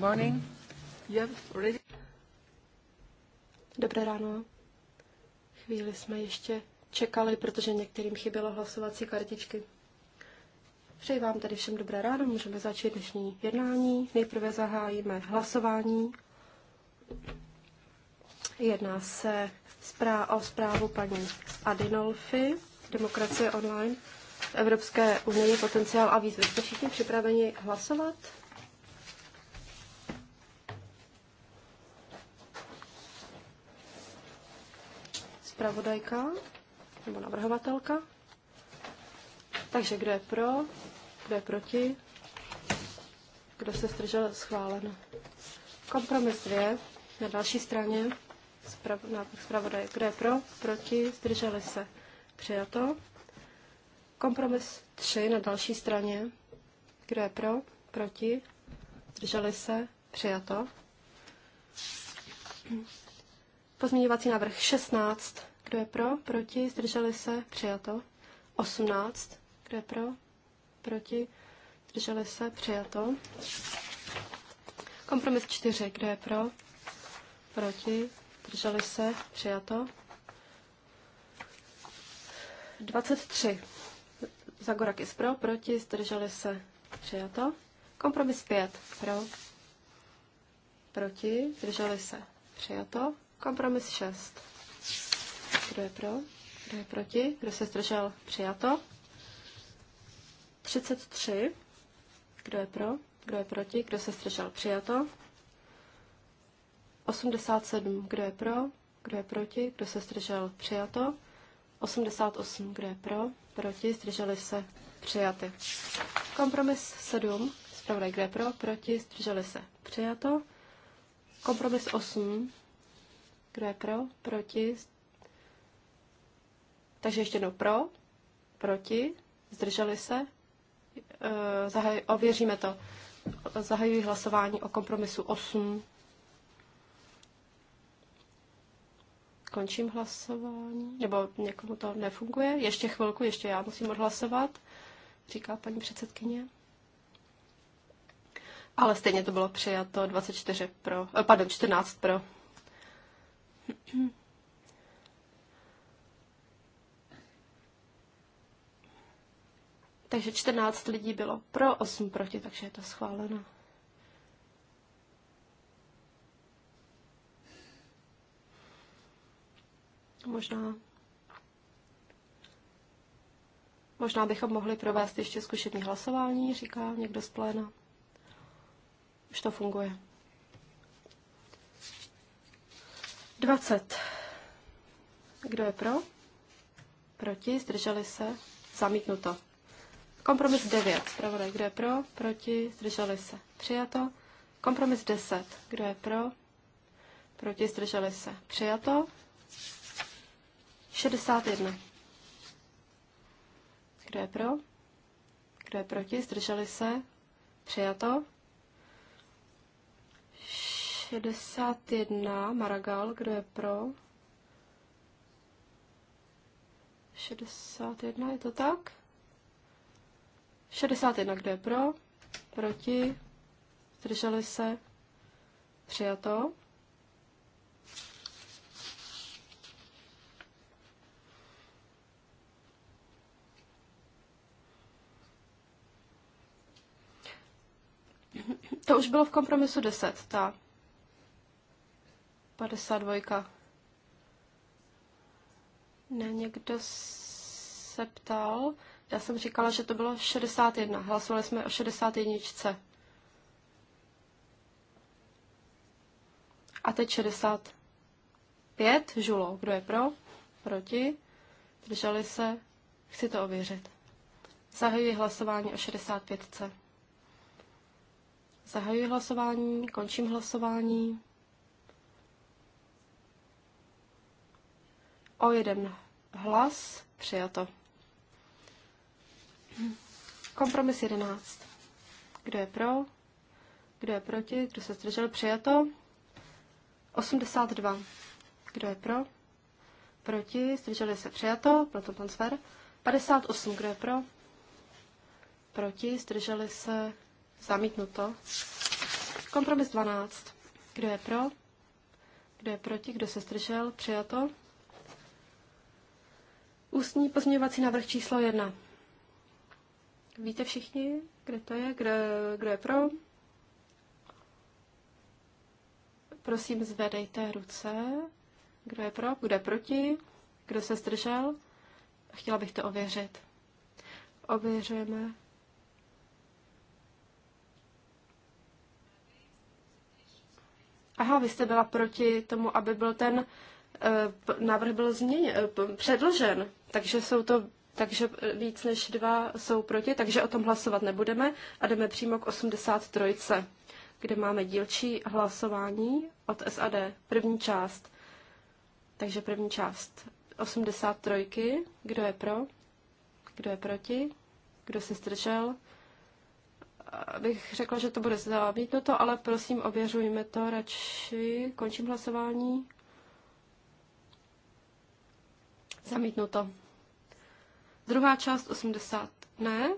Morning. You have already... Dobré ráno. Chvíli jsme ještě čekali, protože některým chybělo hlasovací kartičky. Přeji vám tady všem dobré ráno, můžeme začít dnešní jednání. Nejprve zahájíme hlasování. Jedná se o zprávu paní Adinolfi, Demokracie online v Evropské unii, potenciál a výzvy. Jste všichni připraveni hlasovat? zpravodajka nebo navrhovatelka. Takže kdo je pro, kdo je proti, kdo se zdržel, schválen. Kompromis 2 na další straně Zpravodaj, Kdo je pro, proti, zdrželi se, přijato. Kompromis 3 na další straně. Kdo je pro, proti, zdrželi se, přijato. Pozměňovací návrh 16 kdo je pro? Proti? Zdrželi se? Přijato. 18. Kdo je pro? Proti? Zdrželi se? Přijato. Kompromis 4. Kdo je pro? Proti? Zdrželi se? Přijato. 23. je pro, proti, zdrželi se, přijato. Kompromis 5, pro, proti, zdrželi se, přijato. Kompromis 6, kdo je pro? Kdo je proti? Kdo se zdržel? Přijato. 33. Kdo je pro? Kdo je proti? Kdo se zdržel? Přijato. 87. Kdo je pro? Kdo je proti? Kdo se zdržel? Přijato. 88. Kdo je pro? Proti? Zdrželi se? Přijaty. Kompromis 7. Zpravodaj, kdo je pro? Proti? Zdrželi se? Přijato. Kompromis 8. Kdo je pro? Proti? Takže ještě jednou pro, proti, zdrželi se, eh, zahaj, ověříme to. Zahajuji hlasování o kompromisu 8. Končím hlasování, nebo někomu to nefunguje. Ještě chvilku, ještě já musím odhlasovat, říká paní předsedkyně. Ale stejně to bylo přijato 24 pro, eh, pardon, 14 pro. Takže 14 lidí bylo pro, 8 proti, takže je to schváleno. Možná Možná bychom mohli provést ještě zkušební hlasování, říká někdo z pléna. Už to funguje. 20. Kdo je pro? Proti? Zdrželi se? Zamítnuto. Kompromis 9. Zpravodaj, kdo je pro? Proti? Zdrželi se. Přijato. Kompromis 10. Kdo je pro? Proti? Zdrželi se. Přijato. 61. Kdo je pro? Kdo je proti? Zdrželi se. Přijato. 61. Maragal. Kdo je pro? 61. Je to tak? 61, kdo je pro? Proti? Zdrželi se? Přijato. To už bylo v kompromisu 10, ta 52. Ne, někdo se ptal, já jsem říkala, že to bylo 61. Hlasovali jsme o 61. A teď 65. Žulo. Kdo je pro? Proti? Drželi se? Chci to ověřit. Zahajuji hlasování o 65. Zahajuji hlasování, končím hlasování. O jeden hlas přijato. Kompromis 11. Kdo je pro? Kdo je proti? Kdo se zdržel? Přijato. 82. Kdo je pro? Proti? Zdrželi se? Přijato. Proto transfer. 58. Kdo je pro? Proti? Zdrželi se? Zamítnuto. Kompromis 12. Kdo je pro? Kdo je proti? Kdo se zdržel? Přijato. Ústní pozměňovací návrh číslo 1. Víte všichni, kde to je, kdo, kdo je pro? Prosím, zvedejte ruce. Kdo je pro, kdo je proti, kdo se zdržel? Chtěla bych to ověřit. Ověřujeme. Aha, vy jste byla proti tomu, aby byl ten eh, návrh byl změněn, eh, předložen, takže jsou to takže víc než dva jsou proti, takže o tom hlasovat nebudeme a jdeme přímo k 83, kde máme dílčí hlasování od SAD, první část. Takže první část 83, kdo je pro, kdo je proti, kdo se zdržel. Bych řekla, že to bude zamítnuto, ale prosím, ověřujme to radši. Končím hlasování. Zamítnuto. Druhá část 80. Ne,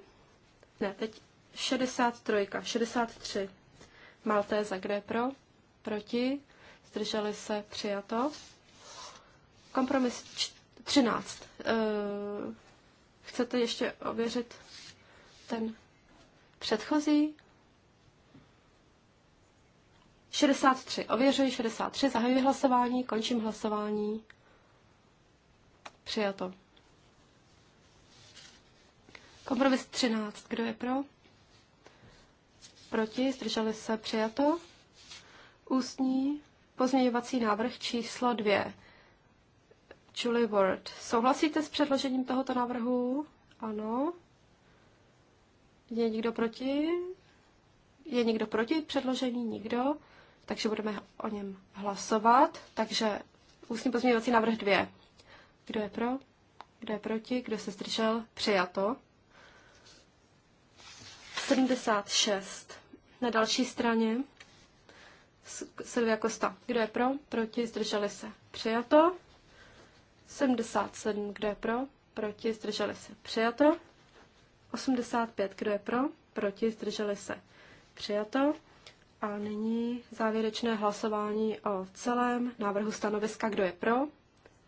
ne, teď 63. 63. Maltéza, kde pro? Proti. Zdrželi se, přijato. Kompromis 13. Eee, chcete ještě ověřit ten předchozí? 63. Ověřuji 63. Zahajuji hlasování, končím hlasování. Přijato. Kompromis 13. Kdo je pro? Proti? Zdrželi se? Přijato. Ústní pozměňovací návrh číslo 2. Julie Ward. Souhlasíte s předložením tohoto návrhu? Ano. Je někdo proti? Je někdo proti předložení? Nikdo. Takže budeme o něm hlasovat. Takže ústní pozměňovací návrh 2. Kdo je pro? Kdo je proti? Kdo se zdržel? Přijato. 76 na další straně. Silvia Kosta. Kdo je pro? Proti? Zdrželi se. Přijato. 77. Kdo je pro? Proti? Zdrželi se. Přijato. 85. Kdo je pro? Proti? Zdrželi se. Přijato. A nyní závěrečné hlasování o celém návrhu stanoviska. Kdo je pro?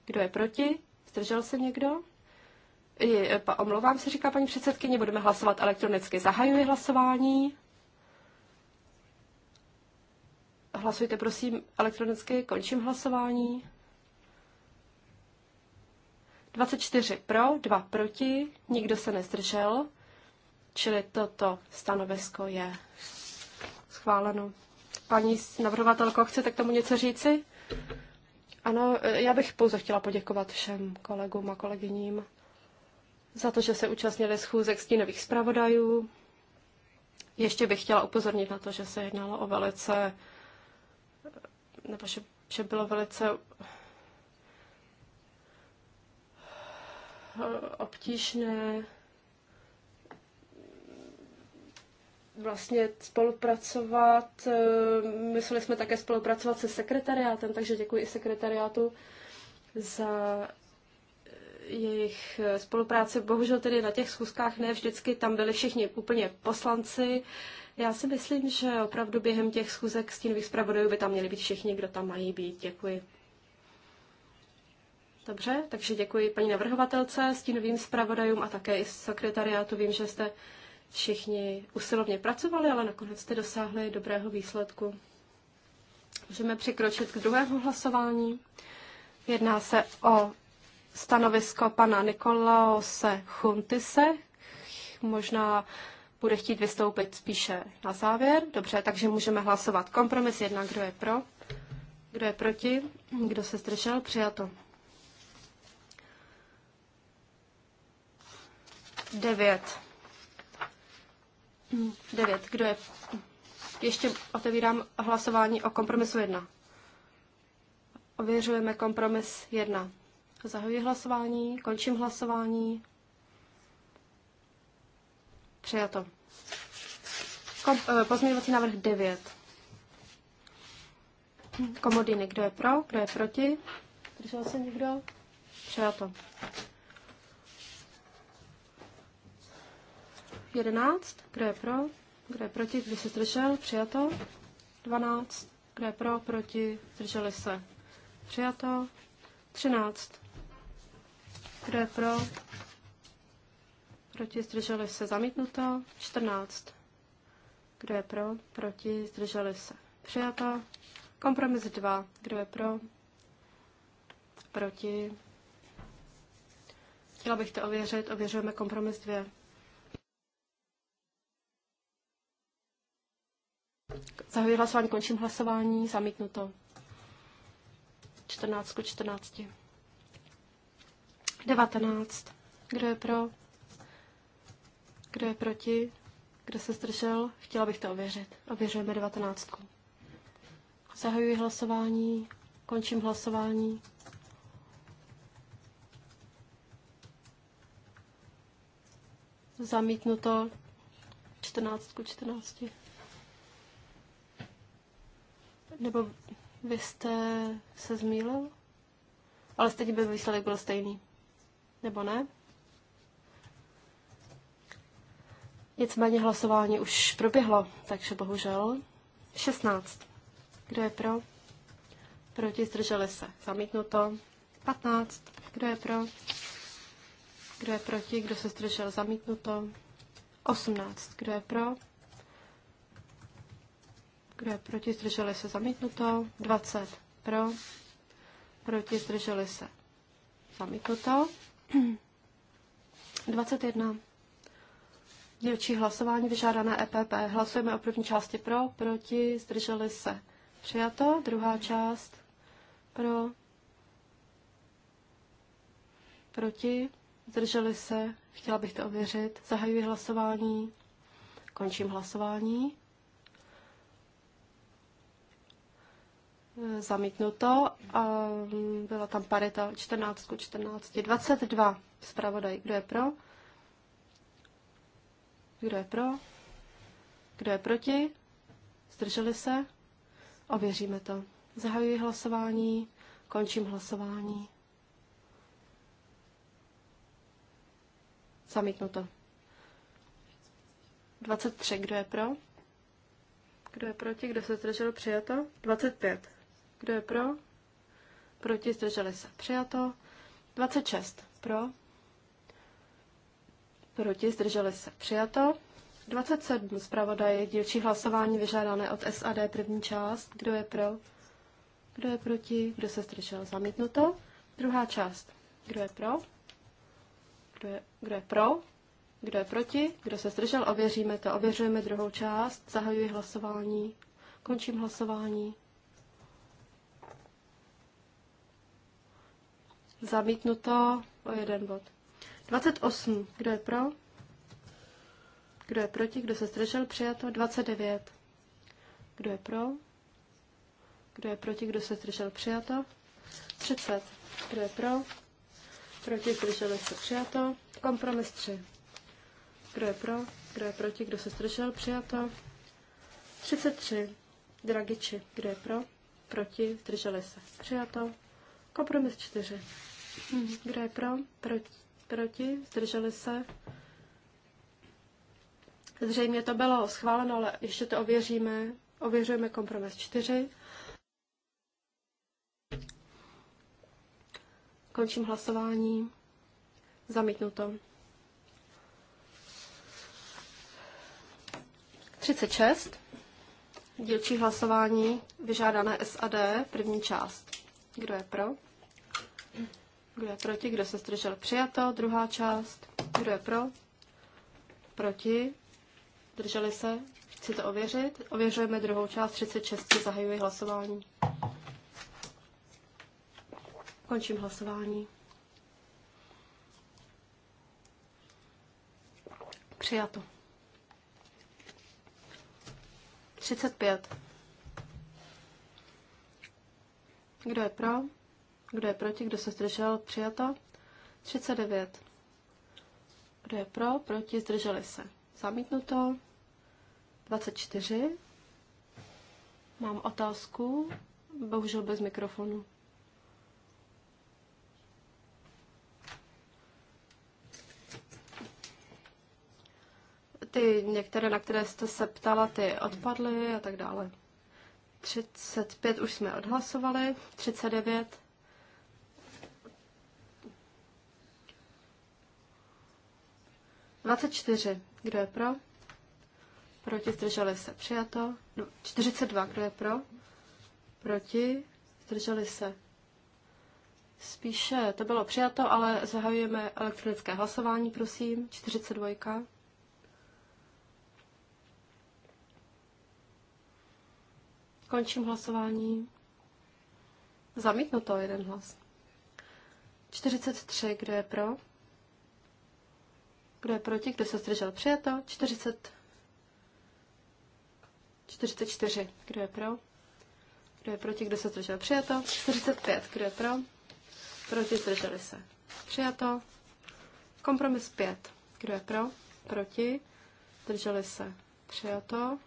Kdo je proti? Zdržel se někdo? Je, e, omlouvám se, říká paní předsedkyně, budeme hlasovat elektronicky. Zahajuji hlasování. Hlasujte prosím elektronicky, končím hlasování. 24 pro, 2 proti, nikdo se nezdržel, čili toto stanovisko je schváleno. Paní navrhovatelko, chcete k tomu něco říci? Ano, e, já bych pouze chtěla poděkovat všem kolegům a kolegyním za to, že se účastnili schůzek stínových zpravodajů. Ještě bych chtěla upozornit na to, že se jednalo o velice, nebo že, že bylo velice obtížné vlastně spolupracovat. Mysleli jsme také spolupracovat se sekretariátem, takže děkuji i sekretariátu za jejich eh, spolupráce Bohužel tedy na těch schůzkách ne vždycky tam byli všichni úplně poslanci. Já si myslím, že opravdu během těch schůzek stínových zpravodajů by tam měli být všichni, kdo tam mají být. Děkuji. Dobře, takže děkuji paní navrhovatelce, stínovým zpravodajům a také i sekretariátu. Vím, že jste všichni usilovně pracovali, ale nakonec jste dosáhli dobrého výsledku. Můžeme překročit k druhému hlasování. Jedná se o stanovisko pana Nikolaose Chuntise. Možná bude chtít vystoupit spíše na závěr. Dobře, takže můžeme hlasovat. Kompromis jedna, kdo je pro, kdo je proti, kdo se zdržel, přijato. 9. 9. Kdo je? Ještě otevírám hlasování o kompromisu 1. Ověřujeme kompromis 1. Zahajuji hlasování, končím hlasování. Přijato. Kom, eh, pozměňovací návrh 9. Komodiny. Kdo je pro? Kdo je proti? Držel se někdo? Přijato. 11. Kdo je pro? Kdo je proti? Kdo se zdržel? Přijato. 12. Kdo je pro? Proti? Zdrželi se. Přijato. 13. Kdo je pro? Proti zdrželi se zamítnuto. 14. Kdo je pro? Proti zdrželi se přijato. Kompromis 2. Kdo je pro? Proti. Chtěla bych to ověřit. Ověřujeme kompromis 2. Zahajuji hlasování, končím hlasování, zamítnuto. 14 ku 14. 19. Kdo je pro? Kdo je proti? Kdo se zdržel? Chtěla bych to ověřit. Ověřujeme 19. Zahajuji hlasování. Končím hlasování. Zamítnuto 14 ku 14. Nebo vy jste se zmýlil? Ale stejně by výsledek byl stejný nebo ne? Nicméně hlasování už proběhlo, takže bohužel. 16. Kdo je pro? Proti zdrželi se. Zamítnuto. 15. Kdo je pro? Kdo je proti? Kdo se zdržel? Zamítnuto. 18. Kdo je pro? Kdo je proti? Zdrželi se. Zamítnuto. 20. Pro. Proti? Zdrželi se. Zamítnuto. 21. Dílčí hlasování vyžádané EPP. Hlasujeme o první části pro, proti, zdrželi se. Přijato. Druhá část pro, proti, zdrželi se. Chtěla bych to ověřit. Zahajuji hlasování. Končím hlasování. Eh, zamítnuto a mm, byla tam parita 14 ku 14. 22 zpravodaj. Kdo je pro? Kdo je pro? Kdo je proti? Zdrželi se? Ověříme to. Zahajuji hlasování, končím hlasování. Zamítnuto. 23. Kdo je pro? Kdo je proti? Kdo se zdržel? Přijato. 25. Kdo je pro? Proti zdrželi se. Přijato. 26 pro. Proti zdrželi se. Přijato. 27 Zpravodaj. dílčí hlasování vyžádané od SAD první část. Kdo je pro? Kdo je proti? Kdo se zdržel? Zamítnuto. Druhá část. Kdo je pro? Kdo je, kdo je pro? Kdo je proti? Kdo se zdržel? Ověříme to. Ověřujeme druhou část. Zahajuji hlasování. Končím hlasování. Zamítnuto o jeden bod. 28. Kdo je pro? Kdo je proti? Kdo se zdržel? Přijato. 29. Kdo je pro? Kdo je proti? Kdo se zdržel? Přijato. 30. Kdo je pro? Proti zdrželi se přijato. Kompromis 3. Kdo je pro? Kdo je proti? Kdo se zdržel? Přijato. 33. Dragiči. Kdo je pro? Proti? Zdrželi se. Přijato. Kompromis 4. Kdo je pro? Proti? proti? Zdrželi se? Zřejmě to bylo schváleno, ale ještě to ověříme. Ověřujeme kompromis 4. Končím hlasování. Zamítnuto. 36. Dílčí hlasování vyžádané SAD, první část. Kdo je pro? Kdo je proti? Kdo se zdržel? Přijato. Druhá část. Kdo je pro? Proti. Drželi se? Chci to ověřit. Ověřujeme druhou část 36. Zahajuji hlasování. Končím hlasování. Přijato. 35. Kdo je pro? Kdo je proti? Kdo se zdržel? Přijato. 39. Kdo je pro? Proti? Zdrželi se. Zamítnuto. 24. Mám otázku. Bohužel bez mikrofonu. Ty některé, na které jste se ptala, ty odpadly a tak dále. 35 už jsme odhlasovali, 39 24. Kdo je pro? Proti zdrželi se. Přijato. 42. Kdo je pro? Proti zdrželi se. Spíše to bylo přijato, ale zahajujeme elektronické hlasování, prosím. 42. Končím hlasování. Zamítnuto jeden hlas. 43. Kdo je pro? Kdo je proti? Kdo se zdržel? Přijato. 40. 44. Kdo je pro? Kdo je proti? Kdo se zdržel? Přijato. 45. Kdo je pro? Proti zdrželi se. Přijato. Kompromis 5. Kdo je pro? Proti. Drželi se. Přijato.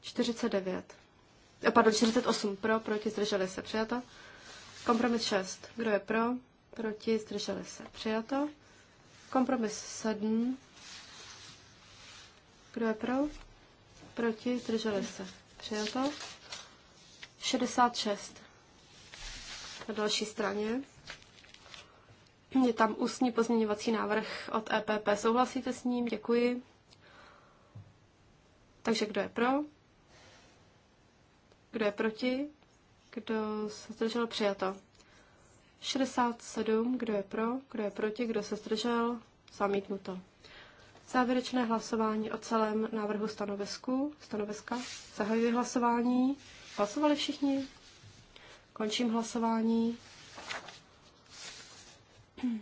49. Pardon, 48 pro, proti, zdrželi se, přijato. Kompromis 6. Kdo je pro? Proti, zdrželi se, přijato. Kompromis 7. Kdo je pro? Proti? Drželi se. to. 66. Na další straně. Je tam ústní pozměňovací návrh od EPP. Souhlasíte s ním? Děkuji. Takže kdo je pro? Kdo je proti? Kdo se zdržel? Přijato. 67, kdo je pro, kdo je proti, kdo se zdržel, zamítnuto. Závěrečné hlasování o celém návrhu stanovisku, stanoviska. Zahajuji hlasování. Hlasovali všichni? Končím hlasování. Hm.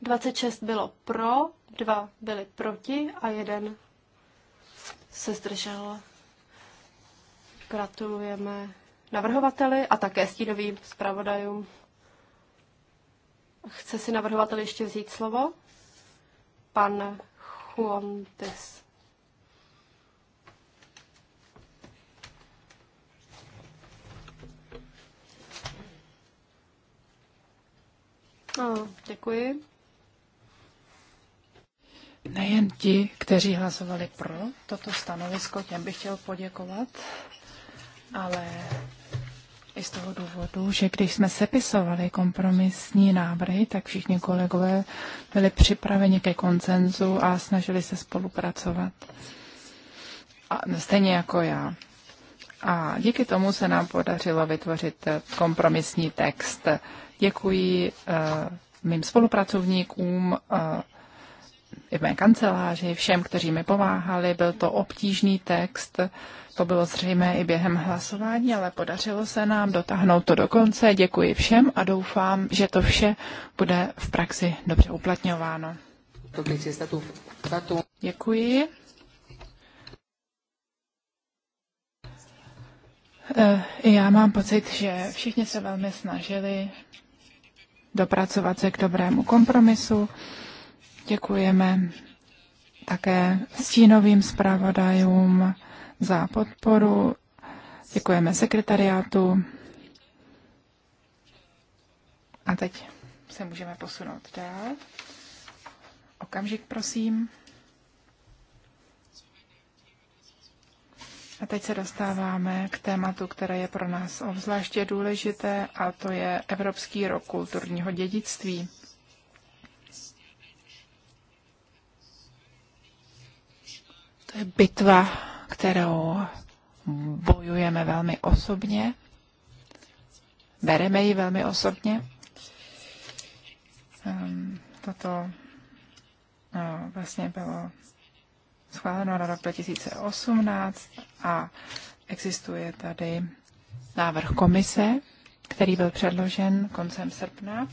26 bylo pro, 2 byly proti a jeden se zdržel. Gratulujeme navrhovateli a také stínovým zpravodajům. Chce si navrhovatel ještě vzít slovo? Pan Chuontes. No, děkuji. Nejen ti, kteří hlasovali pro toto stanovisko, těm bych chtěl poděkovat ale i z toho důvodu, že když jsme sepisovali kompromisní návrhy, tak všichni kolegové byli připraveni ke koncenzu a snažili se spolupracovat. A stejně jako já. A díky tomu se nám podařilo vytvořit eh, kompromisní text. Děkuji uh, mým spolupracovníkům, uh, i v mé kanceláři, všem, kteří mi pomáhali. Byl to obtížný text, to bylo zřejmé i během hlasování, ale podařilo se nám dotáhnout to do konce. Děkuji všem a doufám, že to vše bude v praxi dobře uplatňováno. Děkuji. Eh, já mám pocit, že všichni se velmi snažili dopracovat se k dobrému kompromisu. Děkujeme také stínovým zpravodajům za podporu. Děkujeme sekretariátu. A teď se můžeme posunout dál. Okamžik, prosím. A teď se dostáváme k tématu, které je pro nás obzvláště důležité, a to je Evropský rok kulturního dědictví. To je bitva, kterou bojujeme velmi osobně, bereme ji velmi osobně. Ehm, toto no, vlastně bylo schváleno na rok 2018 a existuje tady návrh komise, který byl předložen koncem srpna.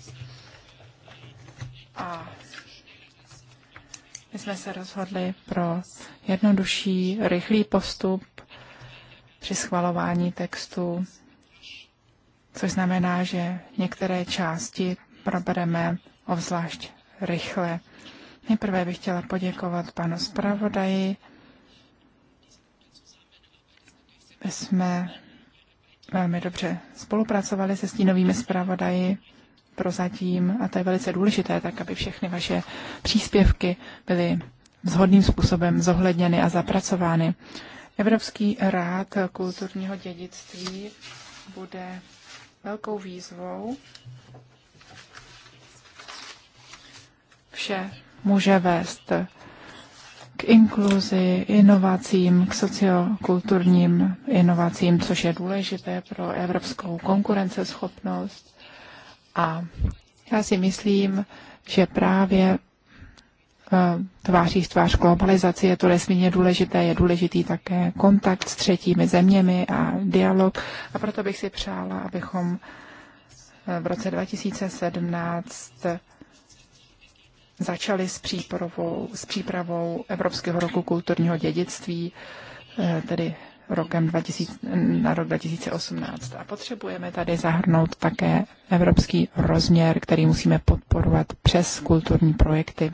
A my jsme se rozhodli pro jednodušší, rychlý postup při schvalování textu, což znamená, že některé části probereme obzvlášť rychle. Nejprve bych chtěla poděkovat panu zpravodaji. My jsme velmi dobře spolupracovali se stínovými zpravodaji prozatím, a to je velice důležité, tak aby všechny vaše příspěvky byly vzhodným způsobem zohledněny a zapracovány. Evropský rád kulturního dědictví bude velkou výzvou. Vše může vést k inkluzi, inovacím, k sociokulturním inovacím, což je důležité pro evropskou konkurenceschopnost. A já si myslím, že právě eh, tváří v tvář globalizaci je to nesmírně důležité, je důležitý také kontakt s třetími zeměmi a dialog. A proto bych si přála, abychom eh, v roce 2017 začali s přípravou, s přípravou Evropského roku kulturního dědictví, eh, tedy rokem 2000, na rok 2018. A potřebujeme tady zahrnout také evropský rozměr, který musíme podporovat přes kulturní projekty.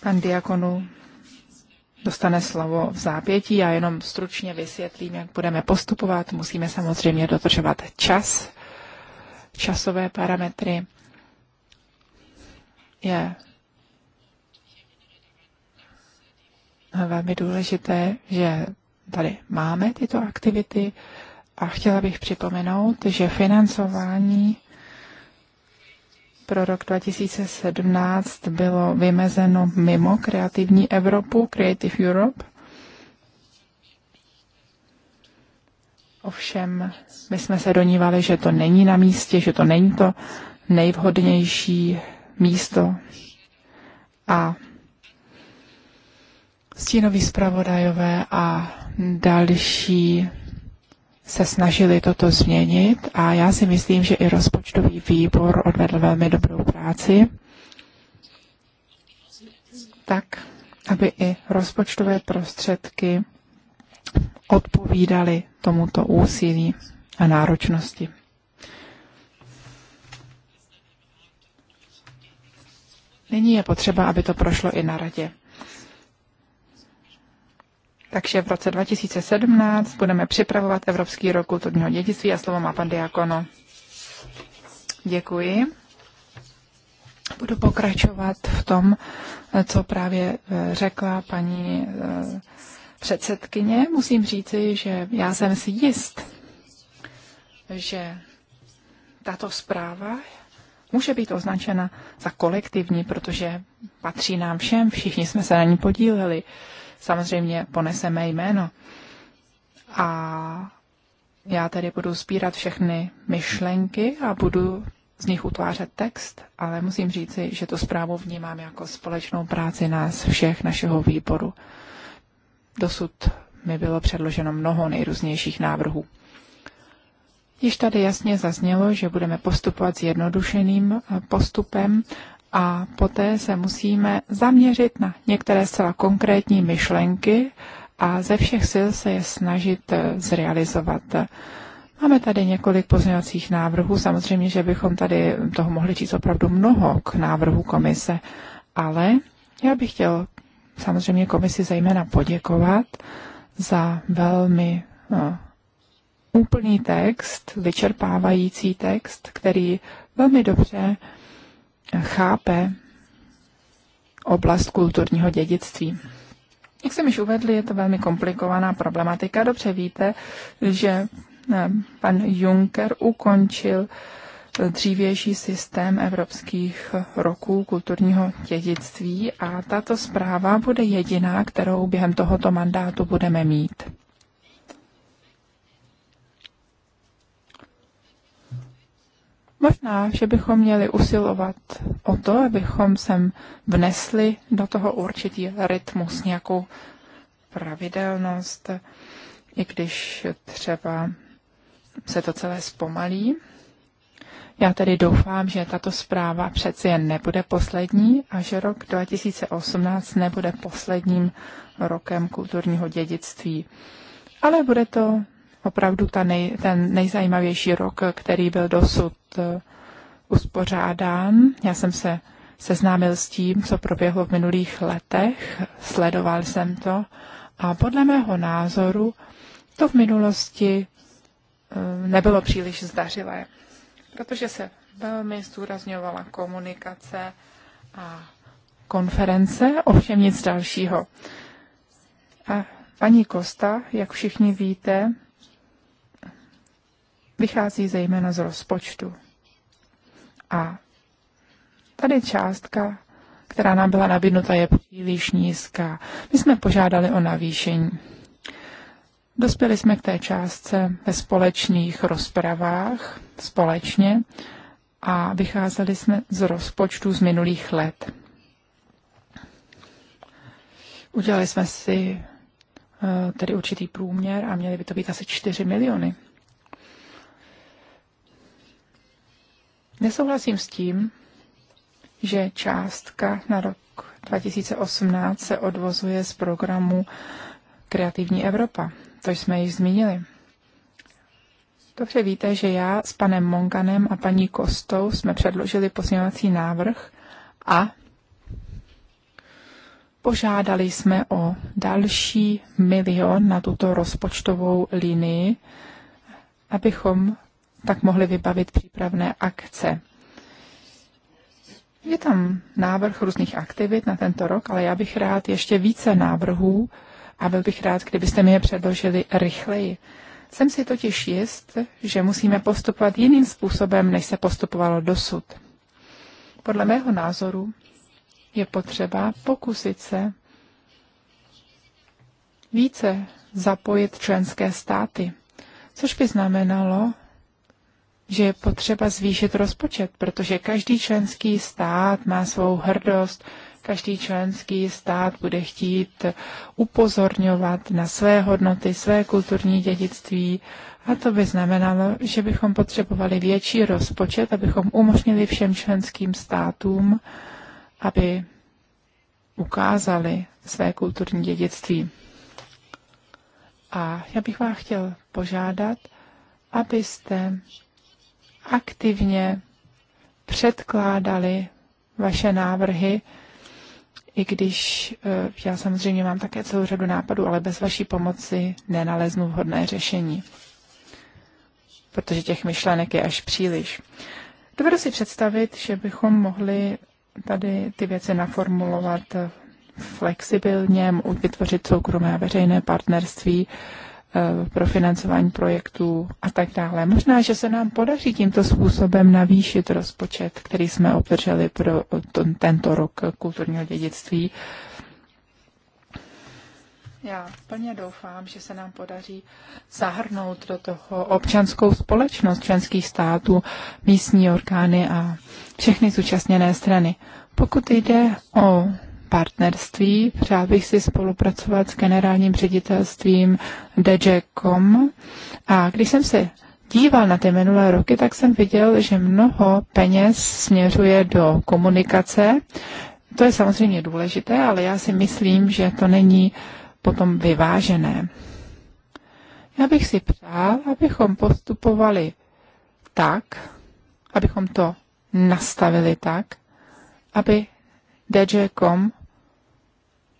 Pan Diakonu dostane slovo v zápětí. Já jenom stručně vysvětlím, jak budeme postupovat. Musíme samozřejmě dotržovat čas, časové parametry. Je velmi důležité, že tady máme tyto aktivity a chtěla bych připomenout, že financování pro rok 2017 bylo vymezeno mimo kreativní Evropu, Creative Europe. Ovšem, my jsme se donívali, že to není na místě, že to není to nejvhodnější místo. A Stínoví zpravodajové a další se snažili toto změnit a já si myslím, že i rozpočtový výbor odvedl velmi dobrou práci, tak aby i rozpočtové prostředky odpovídaly tomuto úsilí a náročnosti. Nyní je potřeba, aby to prošlo i na radě. Takže v roce 2017 budeme připravovat Evropský rok kulturního dědictví a slovo má pan Diakono. Děkuji. Budu pokračovat v tom, co právě eh, řekla paní eh, předsedkyně. Musím říci, že já jsem si jist, že tato zpráva může být označena za kolektivní, protože patří nám všem, všichni jsme se na ní podíleli samozřejmě poneseme jméno. A já tedy budu sbírat všechny myšlenky a budu z nich utvářet text, ale musím říci, že tu zprávu vnímám jako společnou práci nás všech, našeho výboru. Dosud mi bylo předloženo mnoho nejrůznějších návrhů. Již tady jasně zaznělo, že budeme postupovat s jednodušeným postupem a poté se musíme zaměřit na některé zcela konkrétní myšlenky a ze všech sil se je snažit eh, zrealizovat. Máme tady několik pozměňovacích návrhů. Samozřejmě, že bychom tady toho mohli říct opravdu mnoho k návrhu komise, ale já bych chtěl samozřejmě komisi zejména poděkovat za velmi no, úplný text, vyčerpávající text, který velmi dobře chápe oblast kulturního dědictví. Jak jsem již uvedl, je to velmi komplikovaná problematika. Dobře víte, že eh, pan Juncker ukončil eh, dřívější systém evropských roků kulturního dědictví a tato zpráva bude jediná, kterou během tohoto mandátu budeme mít. Možná, že bychom měli usilovat o to, abychom sem vnesli do toho určitý rytmus, nějakou pravidelnost, i když třeba se to celé zpomalí. Já tedy doufám, že tato zpráva přeci jen nebude poslední a že rok 2018 nebude posledním rokem kulturního dědictví. Ale bude to opravdu ta nej, ten nejzajímavější rok, který byl dosud eh, uspořádán. Já jsem se seznámil s tím, co proběhlo v minulých letech, sledoval jsem to a podle mého názoru to v minulosti eh, nebylo příliš zdařilé, protože se velmi zdůrazňovala komunikace a konference, ovšem nic dalšího. A paní Kosta, jak všichni víte, vychází zejména z rozpočtu. A tady částka, která nám byla nabídnuta, je příliš nízká. My jsme požádali o navýšení. Dospěli jsme k té částce ve společných rozpravách společně a vycházeli jsme z rozpočtu z minulých let. Udělali jsme si eh, tedy určitý průměr a měly by to být asi 4 miliony. Nesouhlasím s tím, že částka na rok 2018 se odvozuje z programu Kreativní Evropa. To jsme již zmínili. Dobře víte, že já s panem Monganem a paní Kostou jsme předložili pozměňovací návrh a požádali jsme o další milion na tuto rozpočtovou linii, abychom tak mohli vybavit přípravné akce. Je tam návrh různých aktivit na tento rok, ale já bych rád ještě více návrhů a byl bych rád, kdybyste mi je předložili rychleji. Jsem si totiž jist, že musíme postupovat jiným způsobem, než se postupovalo dosud. Podle mého názoru je potřeba pokusit se více zapojit členské státy, což by znamenalo že je potřeba zvýšit rozpočet, protože každý členský stát má svou hrdost, každý členský stát bude chtít upozorňovat na své hodnoty, své kulturní dědictví a to by znamenalo, že bychom potřebovali větší rozpočet, abychom umožnili všem členským státům, aby ukázali své kulturní dědictví. A já bych vás chtěl požádat, abyste aktivně předkládali vaše návrhy, i když eh, já samozřejmě mám také celou řadu nápadů, ale bez vaší pomoci nenaleznu vhodné řešení, protože těch myšlenek je až příliš. Dovedu si představit, že bychom mohli tady ty věci naformulovat flexibilně, vytvořit soukromé a veřejné partnerství Eh, pro financování projektů a tak dále. Možná, že se nám podaří tímto způsobem navýšit rozpočet, který jsme obdrželi pro tento rok kulturního dědictví. Já plně doufám, že se nám podaří zahrnout do toho občanskou společnost členských států, místní orgány a všechny zúčastněné strany. Pokud jde o partnerství. Přál bych si spolupracovat s generálním ředitelstvím DG.com. A když jsem se díval na ty minulé roky, tak jsem viděl, že mnoho peněz směřuje do komunikace. To je samozřejmě důležité, ale já si myslím, že to není potom vyvážené. Já bych si přál, abychom postupovali tak, abychom to nastavili tak, aby DG.com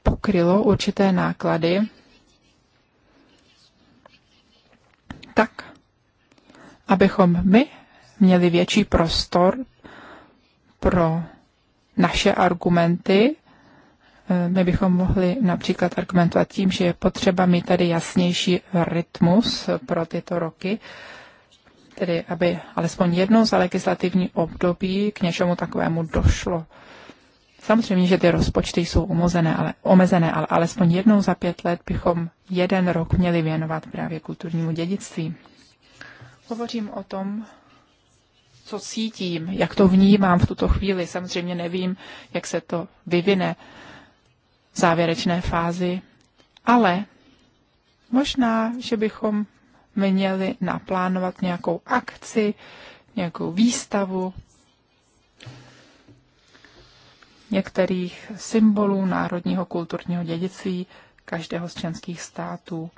pokrylo určité náklady, tak, abychom my měli větší prostor pro naše argumenty. My bychom mohli například argumentovat tím, že je potřeba mít tady jasnější rytmus pro tyto roky, tedy aby alespoň jednou za legislativní období k něčemu takovému došlo. Samozřejmě, že ty rozpočty jsou omezené, ale, omezené, ale alespoň jednou za pět let bychom jeden rok měli věnovat právě kulturnímu dědictví. Hovořím o tom, co cítím, jak to vnímám v tuto chvíli. Samozřejmě nevím, jak se to vyvine v závěrečné fázi, ale možná, že bychom měli naplánovat nějakou akci, nějakou výstavu, některých symbolů národního kulturního dědictví každého z členských států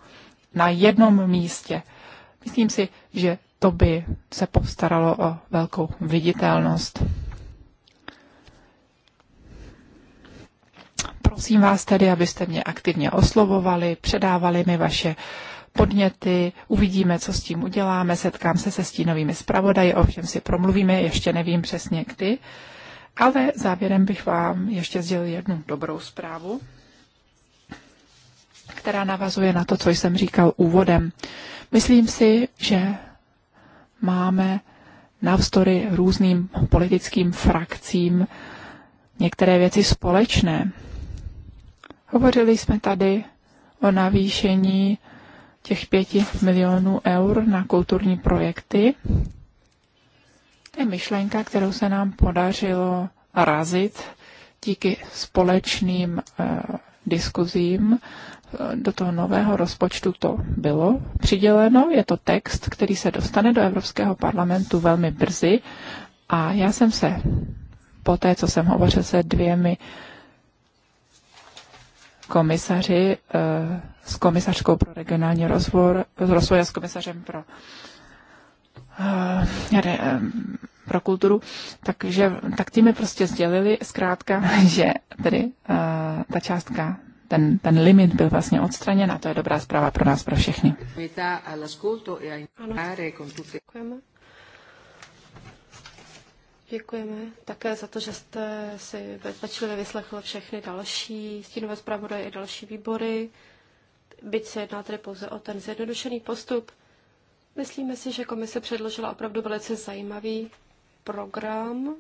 na jednom místě. Myslím si, že to by se postaralo o velkou viditelnost. Prosím vás tedy, abyste mě aktivně oslovovali, předávali mi vaše podněty, uvidíme, co s tím uděláme, setkám se se stínovými zpravodaji, ovšem si promluvíme, ještě nevím přesně kdy. Ale závěrem bych vám ještě sdělil jednu dobrou zprávu, která navazuje na to, co jsem říkal úvodem. Myslím si, že máme navzdory různým politickým frakcím některé věci společné. Hovořili jsme tady o navýšení těch pěti milionů eur na kulturní projekty to je myšlenka, kterou se nám podařilo razit díky společným eh, diskuzím. Do toho nového rozpočtu to bylo přiděleno. Je to text, který se dostane do Evropského parlamentu velmi brzy. A já jsem se po té, co jsem hovořil se dvěmi komisaři, eh, s komisařkou pro regionální rozvoj, rozvoj a s komisařem pro eh, Eh, eh, pro kulturu, takže tak ti mi prostě sdělili zkrátka, že tedy uh, ta částka, ten, ten limit byl vlastně odstraněn a to je dobrá zpráva pro nás, pro všechny. Ano. Děkujeme. Děkujeme také za to, že jste si pečlivě vyslechl všechny další stínové zpravodaje i další výbory, byť se jedná tedy pouze o ten zjednodušený postup. Myslíme si, že komise předložila opravdu velice zajímavý program.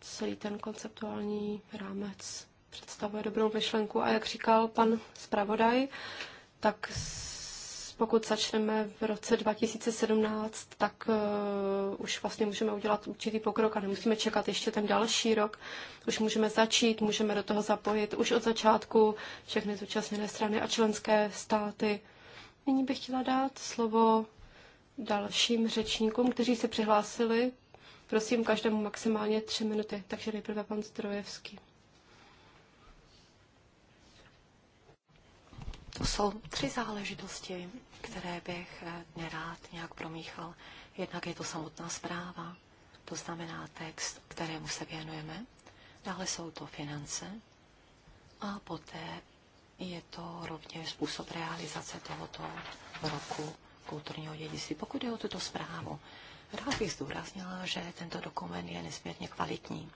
Celý ten konceptuální rámec představuje dobrou myšlenku a jak říkal pan zpravodaj, tak pokud začneme v roce 2017, tak uh, už vlastně můžeme udělat určitý pokrok a nemusíme čekat ještě ten další rok. Už můžeme začít, můžeme do toho zapojit už od začátku všechny zúčastněné strany a členské státy. Nyní bych chtěla dát slovo dalším řečníkům, kteří se přihlásili. Prosím, každému maximálně tři minuty, takže nejprve pan Strojevský. To jsou tři záležitosti, které bych eh, nerád nějak promíchal. Jednak je to samotná zpráva, to znamená text, kterému se věnujeme. Dále jsou to finance a poté je to rovněž způsob realizace tohoto roku kulturního dědictví. Pokud je o tuto zprávu, rád bych zdůraznila, že tento dokument je nesmírně kvalitní.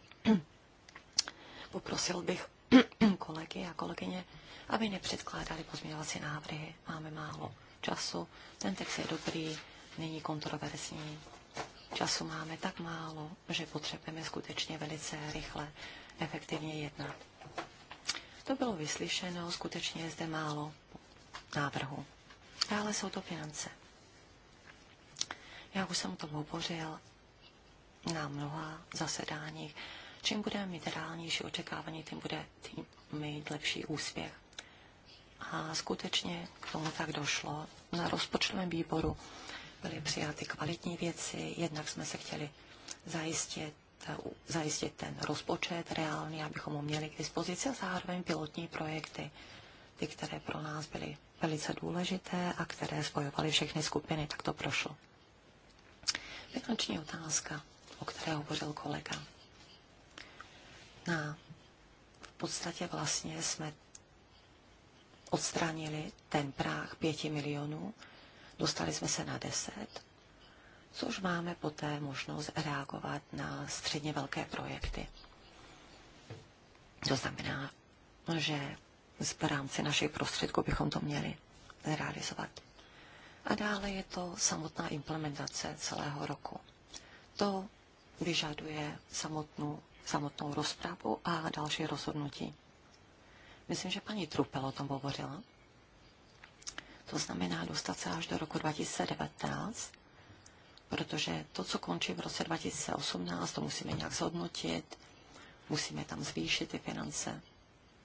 Poprosil bych kolegy a kolegyně, aby nepředkládali pozměňovací návrhy. Máme málo času, ten text je dobrý, není kontroverzní. Času máme tak málo, že potřebujeme skutečně velice rychle, efektivně jednat to bylo vyslyšeno, skutečně je zde málo návrhu. Dále jsou to finance. Já už jsem o tom hovořil na mnoha zasedáních. Čím bude mít reálnější očekávání, tím bude tím mít lepší úspěch. A skutečně k tomu tak došlo. Na rozpočtovém výboru byly přijaty kvalitní věci, jednak jsme se chtěli zajistit zajistit ten rozpočet reálný, abychom ho měli k dispozici a zároveň pilotní projekty, ty, které pro nás byly velice důležité a které spojovaly všechny skupiny, tak to prošlo. Finanční otázka, o které hovořil kolega. Na, v podstatě vlastně jsme odstranili ten práh 5 milionů, dostali jsme se na 10 což máme poté možnost reagovat na středně velké projekty. To znamená, že z rámci našich prostředků bychom to měli realizovat. A dále je to samotná implementace celého roku. To vyžaduje samotnou, samotnou rozpravu a další rozhodnutí. Myslím, že paní Trupel o tom hovořila. To znamená dostat se až do roku 2019 protože to, co končí v roce 2018, to musíme nějak zhodnotit, musíme tam zvýšit ty finance.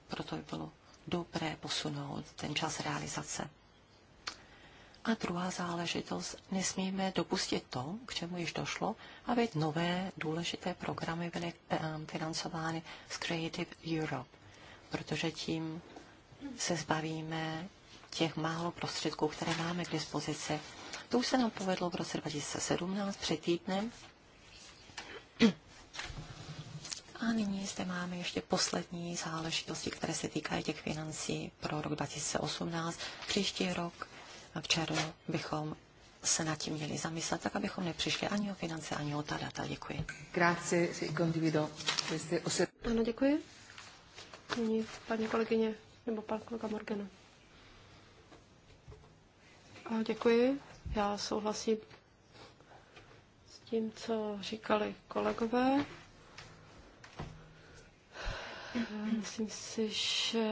Proto by bylo dobré posunout ten čas realizace. A druhá záležitost, nesmíme dopustit to, k čemu již došlo, aby nové důležité programy byly eh, financovány z Creative Europe, protože tím se zbavíme těch málo prostředků, které máme k dispozici to už se nám povedlo v roce 2017 před týdnem. A nyní zde máme ještě poslední záležitosti, které se týkají těch financí pro rok 2018. Příští rok v červnu bychom se nad tím měli zamyslet, tak abychom nepřišli ani o finance, ani o ta data. Děkuji. Krátce si condivido. Ano, děkuji. Nyní paní kolegyně nebo pan kolega Morgana. děkuji. Já souhlasím s tím, co říkali kolegové. Myslím si, že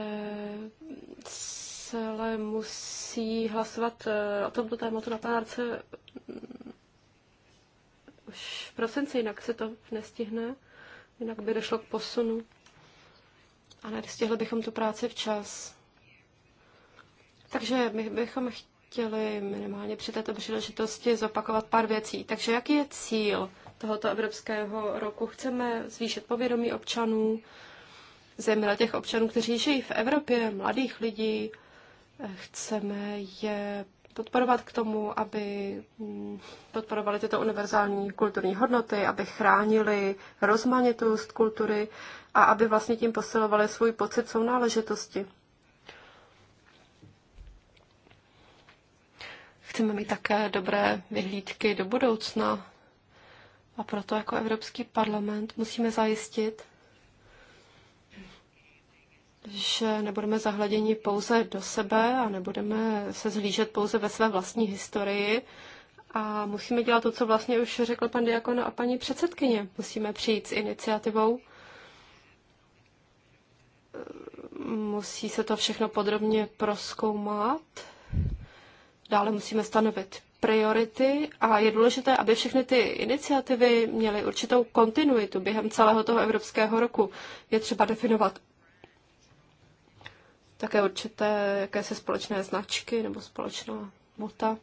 se ale musí hlasovat eh, o tomto tématu na plenárce mm, už v prosinci, jinak se to nestihne, jinak by došlo k posunu. A nestihli bychom tu práci včas. Takže my bychom chtěli minimálně při této příležitosti zopakovat pár věcí. Takže jaký je cíl tohoto evropského roku? Chceme zvýšit povědomí občanů, zejména těch občanů, kteří žijí v Evropě, mladých lidí. Chceme je podporovat k tomu, aby mm, podporovali tyto univerzální kulturní hodnoty, aby chránili rozmanitost kultury a aby vlastně tím posilovali svůj pocit sounáležitosti. Chceme mít také dobré vyhlídky do budoucna. A proto jako Evropský parlament musíme zajistit, že nebudeme zahleděni pouze do sebe a nebudeme se zhlížet pouze ve své vlastní historii. A musíme dělat to, co vlastně už řekl pan Diakon a paní předsedkyně. Musíme přijít s iniciativou. Musí se to všechno podrobně proskoumat Dále musíme stanovit priority a je důležité, aby všechny ty iniciativy měly určitou kontinuitu během celého toho evropského roku. Je třeba definovat také určité jakési společné značky nebo společná mota.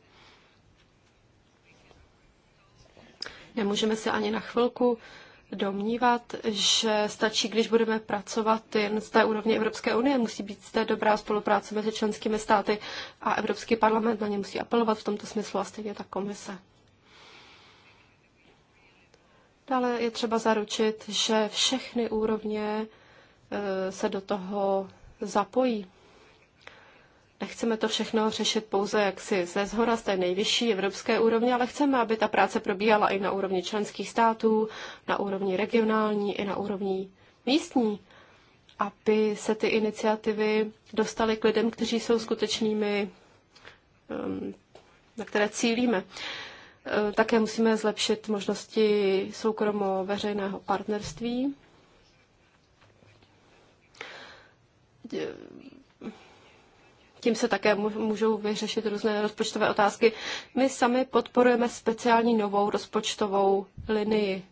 Nemůžeme se ani na chvilku domnívat, že stačí, když budeme pracovat jen z té úrovně Evropské unie. Musí být zde dobrá spolupráce mezi členskými státy a Evropský parlament na ně musí apelovat v tomto smyslu a stejně tak komise. Dále je třeba zaručit, že všechny úrovně eh, se do toho zapojí. Nechceme to všechno řešit pouze jaksi ze zhora, z té nejvyšší evropské úrovně, ale chceme, aby ta práce probíhala i na úrovni členských států, na úrovni regionální i na úrovni místní, aby se ty iniciativy dostaly k lidem, kteří jsou skutečnými, um, na které cílíme. Eh, také musíme zlepšit možnosti soukromo-veřejného partnerství tím se také můžou vyřešit různé rozpočtové otázky. My sami podporujeme speciální novou rozpočtovou linii.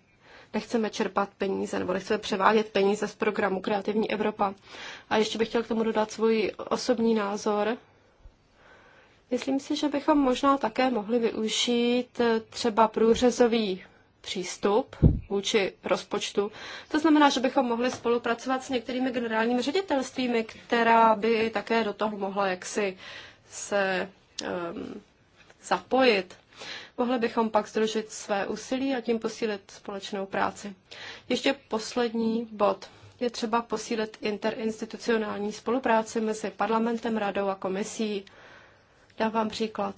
Nechceme čerpat peníze nebo nechceme převádět peníze z programu Kreativní Evropa. A ještě bych chtěl k tomu dodat svůj osobní názor. Myslím si, že bychom možná také mohli využít eh, třeba průřezový přístup vůči rozpočtu. To znamená, že bychom mohli spolupracovat s některými generálními ředitelstvími, která by také do toho mohla jaksi se um, zapojit. Mohli bychom pak združit své úsilí a tím posílit společnou práci. Ještě poslední bod. Je třeba posílit interinstitucionální spolupráci mezi parlamentem, radou a komisí. Dávám příklad.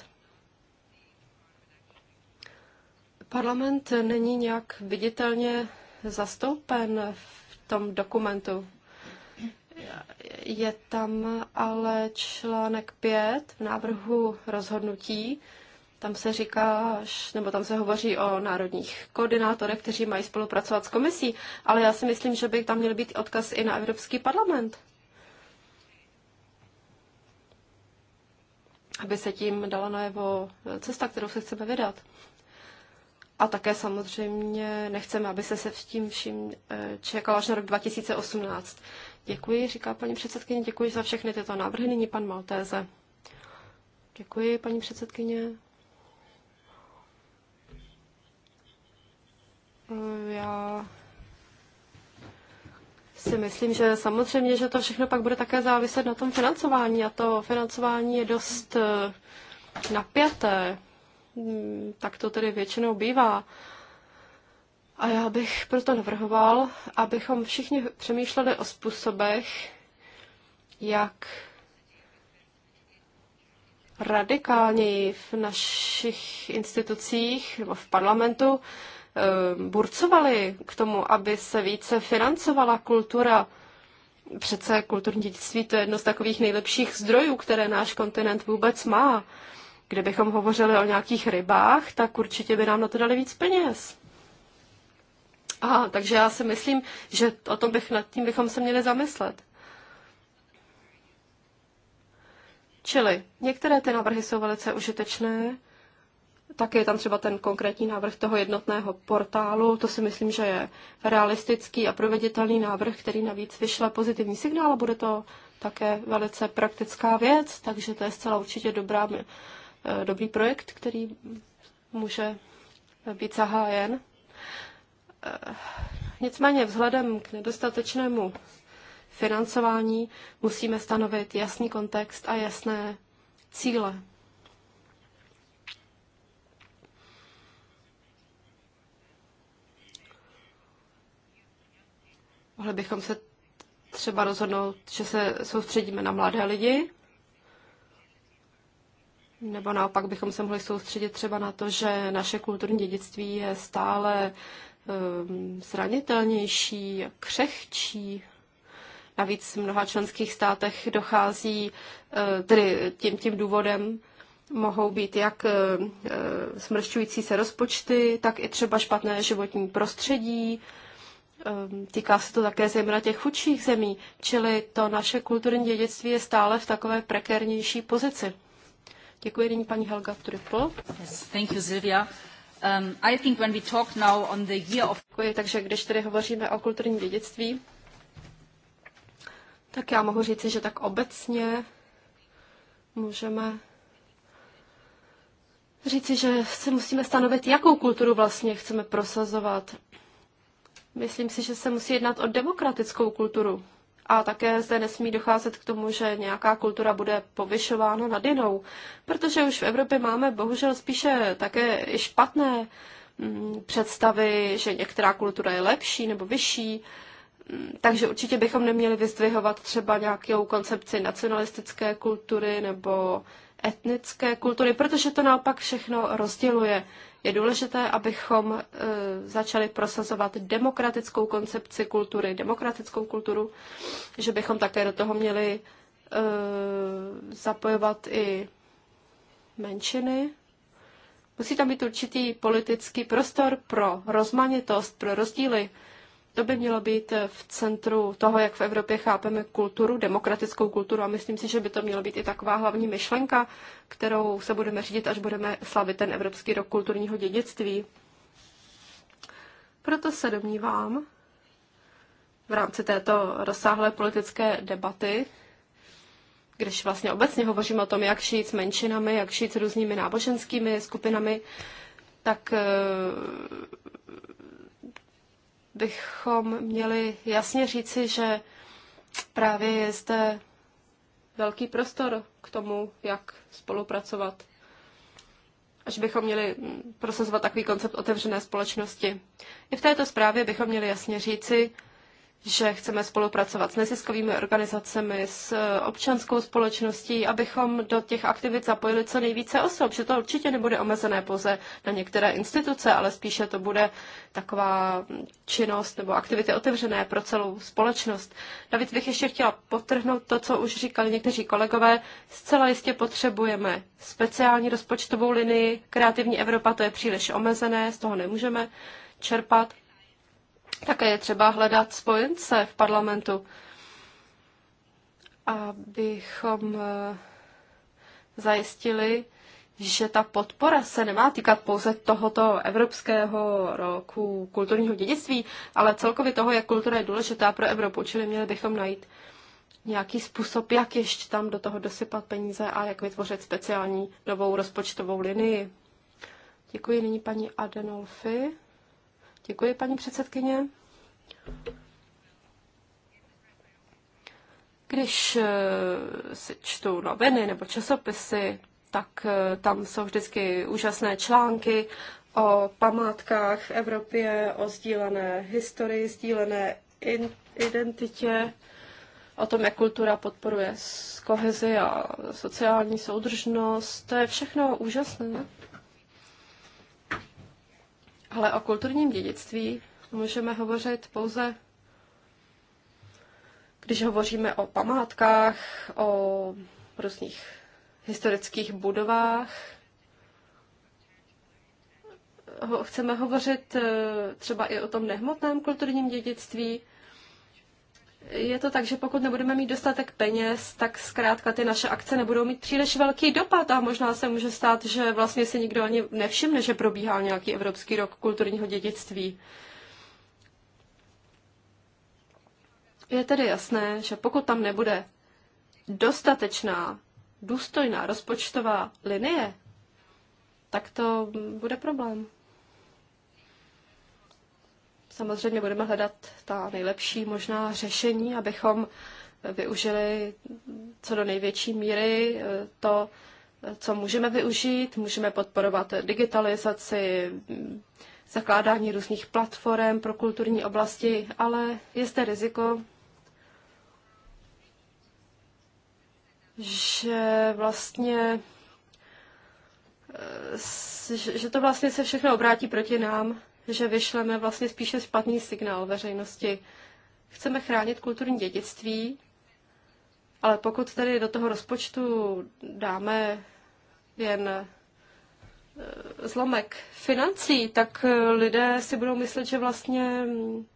Parlament není nějak viditelně zastoupen v tom dokumentu. Je tam ale článek 5 v návrhu rozhodnutí. Tam se říká, nebo tam se hovoří o národních koordinátorech, kteří mají spolupracovat s komisí, ale já si myslím, že by tam měl být odkaz i na Evropský parlament. Aby se tím dala najevo cesta, kterou se chceme vydat. A také samozřejmě nechceme, aby se se tím vším eh, čekalo až na rok 2018. Děkuji, říká paní předsedkyně, děkuji za všechny tyto návrhy. Nyní pan Maltéze. Děkuji, paní předsedkyně. Eh, já si myslím, že samozřejmě, že to všechno pak bude také záviset na tom financování a to financování je dost eh, napjaté. Mm, tak to tedy většinou bývá. A já bych proto navrhoval, abychom všichni přemýšleli o způsobech, jak radikálněji v našich institucích nebo v parlamentu eh, burcovali k tomu, aby se více financovala kultura. Přece kulturní dědictví to je jedno z takových nejlepších zdrojů, které náš kontinent vůbec má. Kdybychom hovořili o nějakých rybách, tak určitě by nám na to dali víc peněz. A takže já si myslím, že o tom bych, nad tím bychom se měli zamyslet. Čili některé ty návrhy jsou velice užitečné, také je tam třeba ten konkrétní návrh toho jednotného portálu. To si myslím, že je realistický a proveditelný návrh, který navíc vyšle pozitivní signál a bude to také velice praktická věc, takže to je zcela určitě dobrá Eh, dobrý projekt, který může být zahájen. Eh, nicméně vzhledem k nedostatečnému financování musíme stanovit jasný kontext a jasné cíle. Mohli bychom se třeba rozhodnout, že se soustředíme na mladé lidi, nebo naopak bychom se mohli soustředit třeba na to, že naše kulturní dědictví je stále um, zranitelnější, křehčí. Navíc v mnoha členských státech dochází, eh, tedy tím, tím důvodem mohou být jak eh, eh, smršťující se rozpočty, tak i třeba špatné životní prostředí. Ehm, týká se to také zejména těch chudších zemí, čili to naše kulturní dědictví je stále v takové prekérnější pozici. Děkuji nyní paní Helga Trypl. Yes, thank you, Silvia. Um, I think when we talk now on the year of... Děkuji, takže když tedy hovoříme o kulturním dědictví, tak já mohu říci, že tak obecně můžeme říci, že se musíme stanovit, jakou kulturu vlastně chceme prosazovat. Myslím si, že se musí jednat o demokratickou kulturu, a také zde nesmí docházet k tomu, že nějaká kultura bude povyšována nad jinou, protože už v Evropě máme bohužel spíše také i špatné mm, představy, že některá kultura je lepší nebo vyšší, mm, takže určitě bychom neměli vyzdvihovat třeba nějakou koncepci nacionalistické kultury nebo etnické kultury, protože to naopak všechno rozděluje. Je důležité, abychom e, začali prosazovat demokratickou koncepci kultury, demokratickou kulturu, že bychom také do toho měli e, zapojovat i menšiny. Musí tam být určitý politický prostor pro rozmanitost, pro rozdíly. To by mělo být v centru toho, jak v Evropě chápeme kulturu, demokratickou kulturu a myslím si, že by to mělo být i taková hlavní myšlenka, kterou se budeme řídit, až budeme slavit ten Evropský rok kulturního dědictví. Proto se domnívám, v rámci této rozsáhlé politické debaty, když vlastně obecně hovořím o tom, jak šít s menšinami, jak šít s různými náboženskými skupinami, tak eh, bychom měli jasně říci, že právě je zde velký prostor k tomu, jak spolupracovat. Až bychom měli mm, prosazovat takový koncept otevřené společnosti. I v této zprávě bychom měli jasně říci, že chceme spolupracovat s neziskovými organizacemi, s eh, občanskou společností, abychom do těch aktivit zapojili co nejvíce osob, že to určitě nebude omezené pouze na některé instituce, ale spíše to bude taková činnost nebo aktivity otevřené pro celou společnost. David bych ještě chtěla potrhnout to, co už říkali někteří kolegové. Zcela jistě potřebujeme speciální rozpočtovou linii. Kreativní Evropa to je příliš omezené, z toho nemůžeme čerpat. Také je třeba hledat spojence v parlamentu, abychom eh, zajistili, že ta podpora se nemá týkat pouze tohoto Evropského roku kulturního dědictví, ale celkově toho, jak kultura je důležitá pro Evropu, čili měli bychom najít nějaký způsob, jak ještě tam do toho dosypat peníze a jak vytvořit speciální novou rozpočtovou linii. Děkuji nyní paní Adenolfi. Děkuji, paní předsedkyně. Když eh, si čtu noviny nebo časopisy, tak eh, tam jsou vždycky úžasné články o památkách v Evropě, o sdílené historii, sdílené identitě, o tom, jak kultura podporuje kohezi a sociální soudržnost. To je všechno úžasné. Ne? Ale o kulturním dědictví můžeme hovořit pouze, když hovoříme o památkách, o různých historických budovách. Chceme hovořit eh, třeba i o tom nehmotném kulturním dědictví, je to tak, že pokud nebudeme mít dostatek peněz, tak zkrátka ty naše akce nebudou mít příliš velký dopad a možná se může stát, že vlastně si nikdo ani nevšimne, že probíhá nějaký Evropský rok kulturního dědictví. Je tedy jasné, že pokud tam nebude dostatečná, důstojná rozpočtová linie, tak to bude problém. Samozřejmě budeme hledat ta nejlepší možná řešení, abychom využili co do největší míry eh, to, eh, co můžeme využít. Můžeme podporovat digitalizaci, mm, zakládání různých platform pro kulturní oblasti, ale je zde riziko, že vlastně eh, že to vlastně se všechno obrátí proti nám, že vyšleme vlastně spíše špatný signál veřejnosti. Chceme chránit kulturní dědictví, ale pokud tedy do toho rozpočtu dáme jen e, zlomek financí, tak e, lidé si budou myslet, že vlastně mm,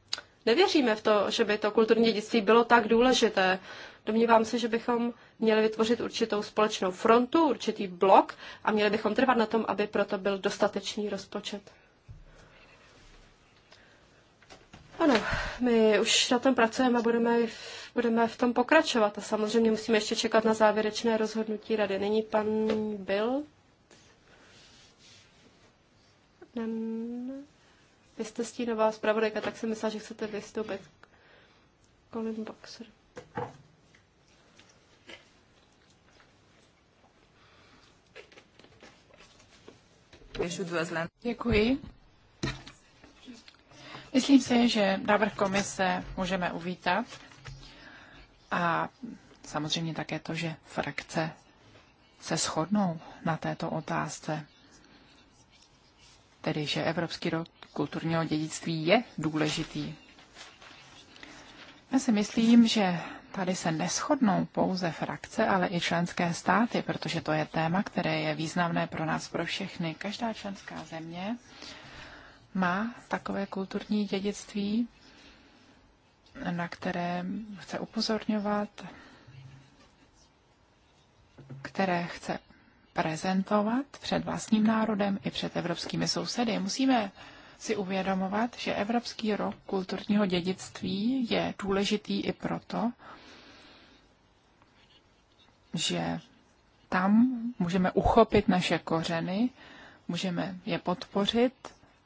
nevěříme v to, že by to kulturní dědictví bylo tak důležité. Domnívám se, že bychom měli vytvořit určitou společnou frontu, určitý blok a měli bychom trvat na tom, aby proto byl dostatečný rozpočet. Ano, my už na tom pracujeme a budeme, budeme v tom pokračovat. A samozřejmě musíme ještě čekat na závěrečné rozhodnutí rady. Není pan Bill? Nem. Vy jste stínová zpravodajka, tak jsem myslela, že chcete vystoupit. Colin Boxer. Děkuji. Myslím si, že návrh komise můžeme uvítat a samozřejmě také to, že frakce se shodnou na této otázce. Tedy, že Evropský rok kulturního dědictví je důležitý. Já si myslím, že tady se neschodnou pouze frakce, ale i členské státy, protože to je téma, které je významné pro nás, pro všechny. Každá členská země má takové kulturní dědictví, na které chce upozorňovat, které chce prezentovat před vlastním národem i před evropskými sousedy. Musíme si uvědomovat, že Evropský rok kulturního dědictví je důležitý i proto, že tam můžeme uchopit naše kořeny, můžeme je podpořit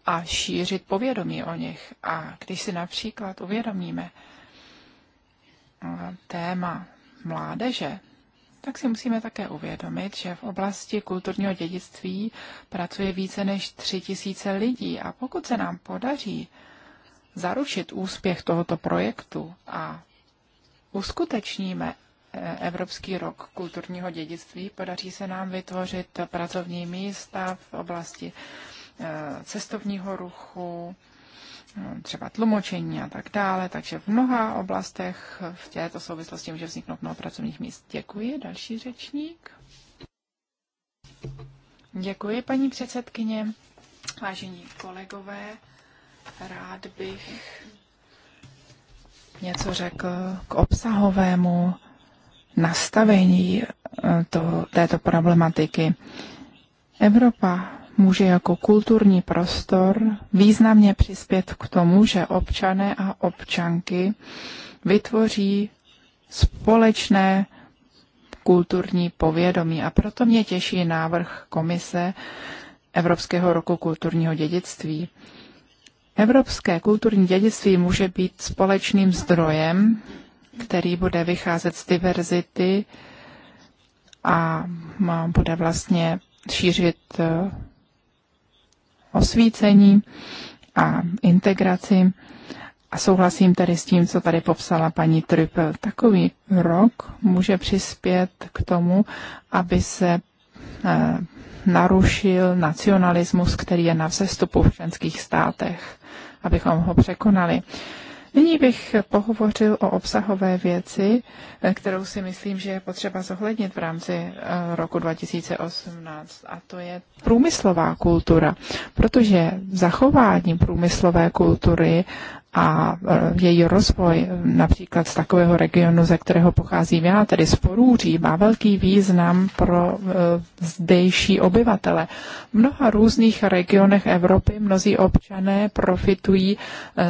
a šířit povědomí o nich. A když si například uvědomíme eh, téma mládeže, tak si musíme také uvědomit, že v oblasti kulturního dědictví pracuje více než tři tisíce lidí a pokud se nám podaří zaručit úspěch tohoto projektu a uskutečníme eh, Evropský rok kulturního dědictví, podaří se nám vytvořit pracovní místa v oblasti Eh, cestovního ruchu, eh, třeba tlumočení a tak dále. Takže v mnoha oblastech v této souvislosti může vzniknout mnoho pracovních míst. Děkuji. Další řečník. Děkuji, paní předsedkyně. Vážení kolegové, rád bych něco řekl k obsahovému nastavení eh, to, této problematiky. Evropa může jako kulturní prostor významně přispět k tomu, že občané a občanky vytvoří společné kulturní povědomí. A proto mě těší návrh Komise Evropského roku kulturního dědictví. Evropské kulturní dědictví může být společným zdrojem, který bude vycházet z diverzity a bude vlastně šířit eh, osvícení a integraci. A souhlasím tedy s tím, co tady popsala paní Trüppel. Takový rok může přispět k tomu, aby se eh, narušil nacionalismus, který je na vzestupu v členských státech, abychom ho překonali. Nyní bych pohovořil o obsahové věci, eh, kterou si myslím, že je potřeba zohlednit v rámci eh, roku 2018, a to je průmyslová kultura, protože zachování průmyslové kultury a e, její rozvoj e, například z takového regionu, ze kterého pocházím já, tedy z Porůří, má velký význam pro e, zdejší obyvatele. V mnoha různých regionech Evropy mnozí občané profitují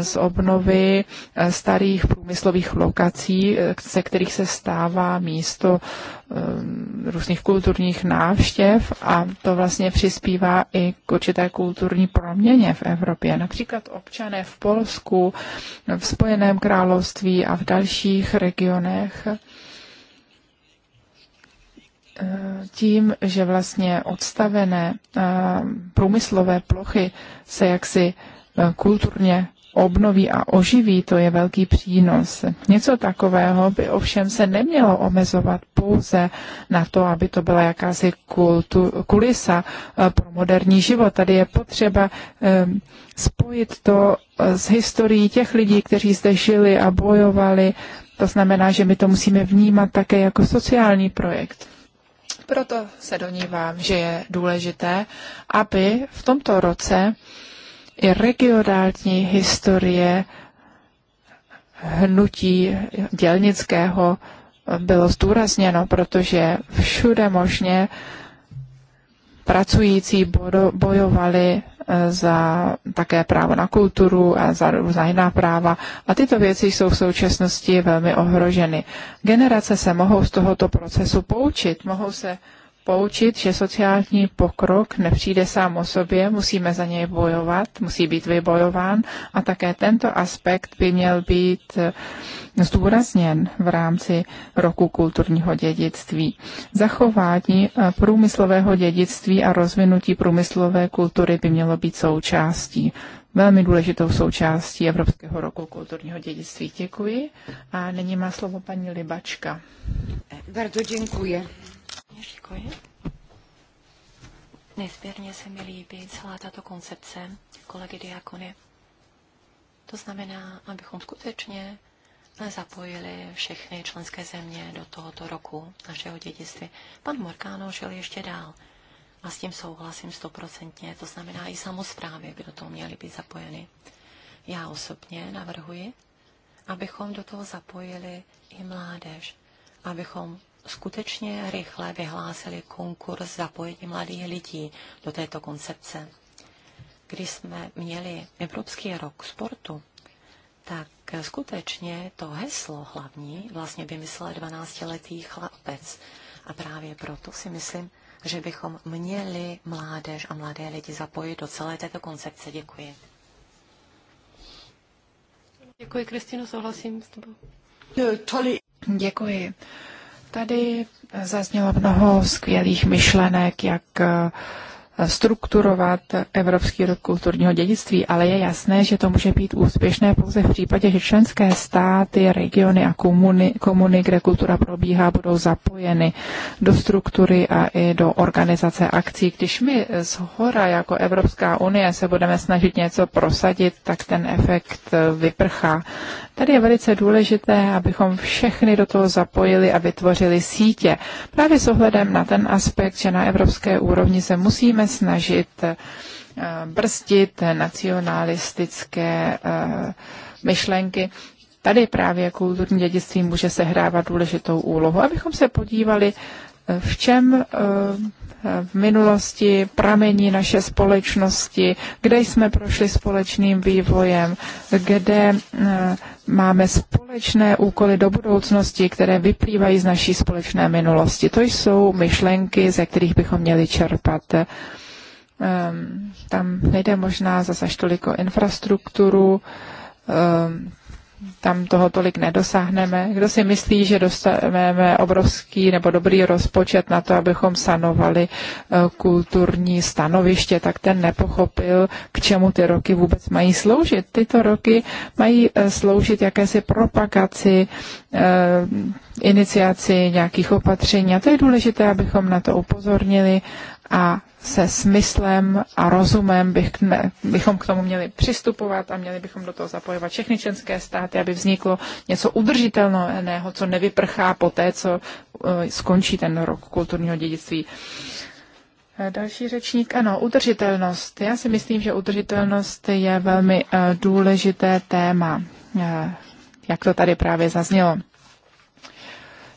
z obnovy starých průmyslových lokací, ze kterých se stává místo Eh, různých kulturních návštěv a to vlastně přispívá i k určité kulturní proměně v Evropě. Například občané v Polsku, v Spojeném království a v dalších regionech eh, tím, že vlastně odstavené eh, průmyslové plochy se jaksi kulturně obnoví a oživí, to je velký přínos. Něco takového by ovšem se nemělo omezovat pouze na to, aby to byla jakási kultu, kulisa eh, pro moderní život. Tady je potřeba eh, spojit to eh, s historií těch lidí, kteří zde žili a bojovali. To znamená, že my to musíme vnímat také jako sociální projekt. Proto se donívám, že je důležité, aby v tomto roce i regionální historie hnutí dělnického bylo zdůrazněno, protože všude možně pracující bojovali eh, za také právo na kulturu a za různá jiná práva. A tyto věci jsou v současnosti velmi ohroženy. Generace se mohou z tohoto procesu poučit, mohou se poučit, že sociální pokrok nepřijde sám o sobě, musíme za něj bojovat, musí být vybojován a také tento aspekt by měl být eh, zdůrazněn v rámci roku kulturního dědictví. Zachování eh, průmyslového dědictví a rozvinutí průmyslové kultury by mělo být součástí velmi důležitou součástí Evropského roku kulturního dědictví. Děkuji. A nyní má slovo paní Libačka. Bardzo děkuji. Děkuji. Nesmírně se mi líbí celá tato koncepce kolegy Diakony. To znamená, abychom skutečně zapojili všechny členské země do tohoto roku našeho dědictví. Pan Morkáno šel ještě dál a s tím souhlasím stoprocentně. To znamená, i samozprávy by do toho měly být zapojeny. Já osobně navrhuji, abychom do toho zapojili i mládež, abychom skutečně rychle vyhlásili konkurs zapojení mladých lidí do této koncepce. Když jsme měli Evropský rok sportu, tak skutečně to heslo hlavní vlastně vymyslel 12-letý chlapec. A právě proto si myslím, že bychom měli mládež a mladé lidi zapojit do celé této koncepce. Děkuji. Děkuji, Kristýno, souhlasím s tebou. No, Děkuji. Tady zaznělo mnoho skvělých myšlenek, jak eh, strukturovat Evropský rok kulturního dědictví, ale je jasné, že to může být úspěšné pouze v případě, že členské státy, regiony a komuny, komuny kde kultura probíhá, budou zapojeny do struktury a i do organizace akcí. Když my z hora jako Evropská unie se budeme snažit něco prosadit, tak ten efekt vyprchá. Tady je velice důležité, abychom všechny do toho zapojili a vytvořili sítě. Právě s ohledem na ten aspekt, že na evropské úrovni se musíme snažit eh, brzdit nacionalistické eh, myšlenky. Tady právě kulturní dědictví může sehrávat důležitou úlohu. Abychom se podívali, eh, v čem v minulosti pramení naše společnosti, kde jsme prošli společným vývojem, kde eh, máme společné úkoly do budoucnosti, které vyplývají z naší společné minulosti. To jsou myšlenky, ze kterých bychom měli čerpat. Ehm, tam nejde možná zase tolik toliko infrastrukturu, ehm, tam toho tolik nedosáhneme. Kdo si myslí, že dostaneme obrovský nebo dobrý rozpočet na to, abychom sanovali eh, kulturní stanoviště, tak ten nepochopil, k čemu ty roky vůbec mají sloužit. Tyto roky mají eh, sloužit jakési propagaci, eh, iniciaci nějakých opatření a to je důležité, abychom na to upozornili a se smyslem a rozumem bych, ne, bychom k tomu měli přistupovat a měli bychom do toho zapojovat všechny členské státy, aby vzniklo něco udržitelného, co nevyprchá po té, co eh, skončí ten rok kulturního dědictví. Eh, další řečník, ano, udržitelnost. Já si myslím, že udržitelnost je velmi eh, důležité téma, jak to tady právě zaznělo.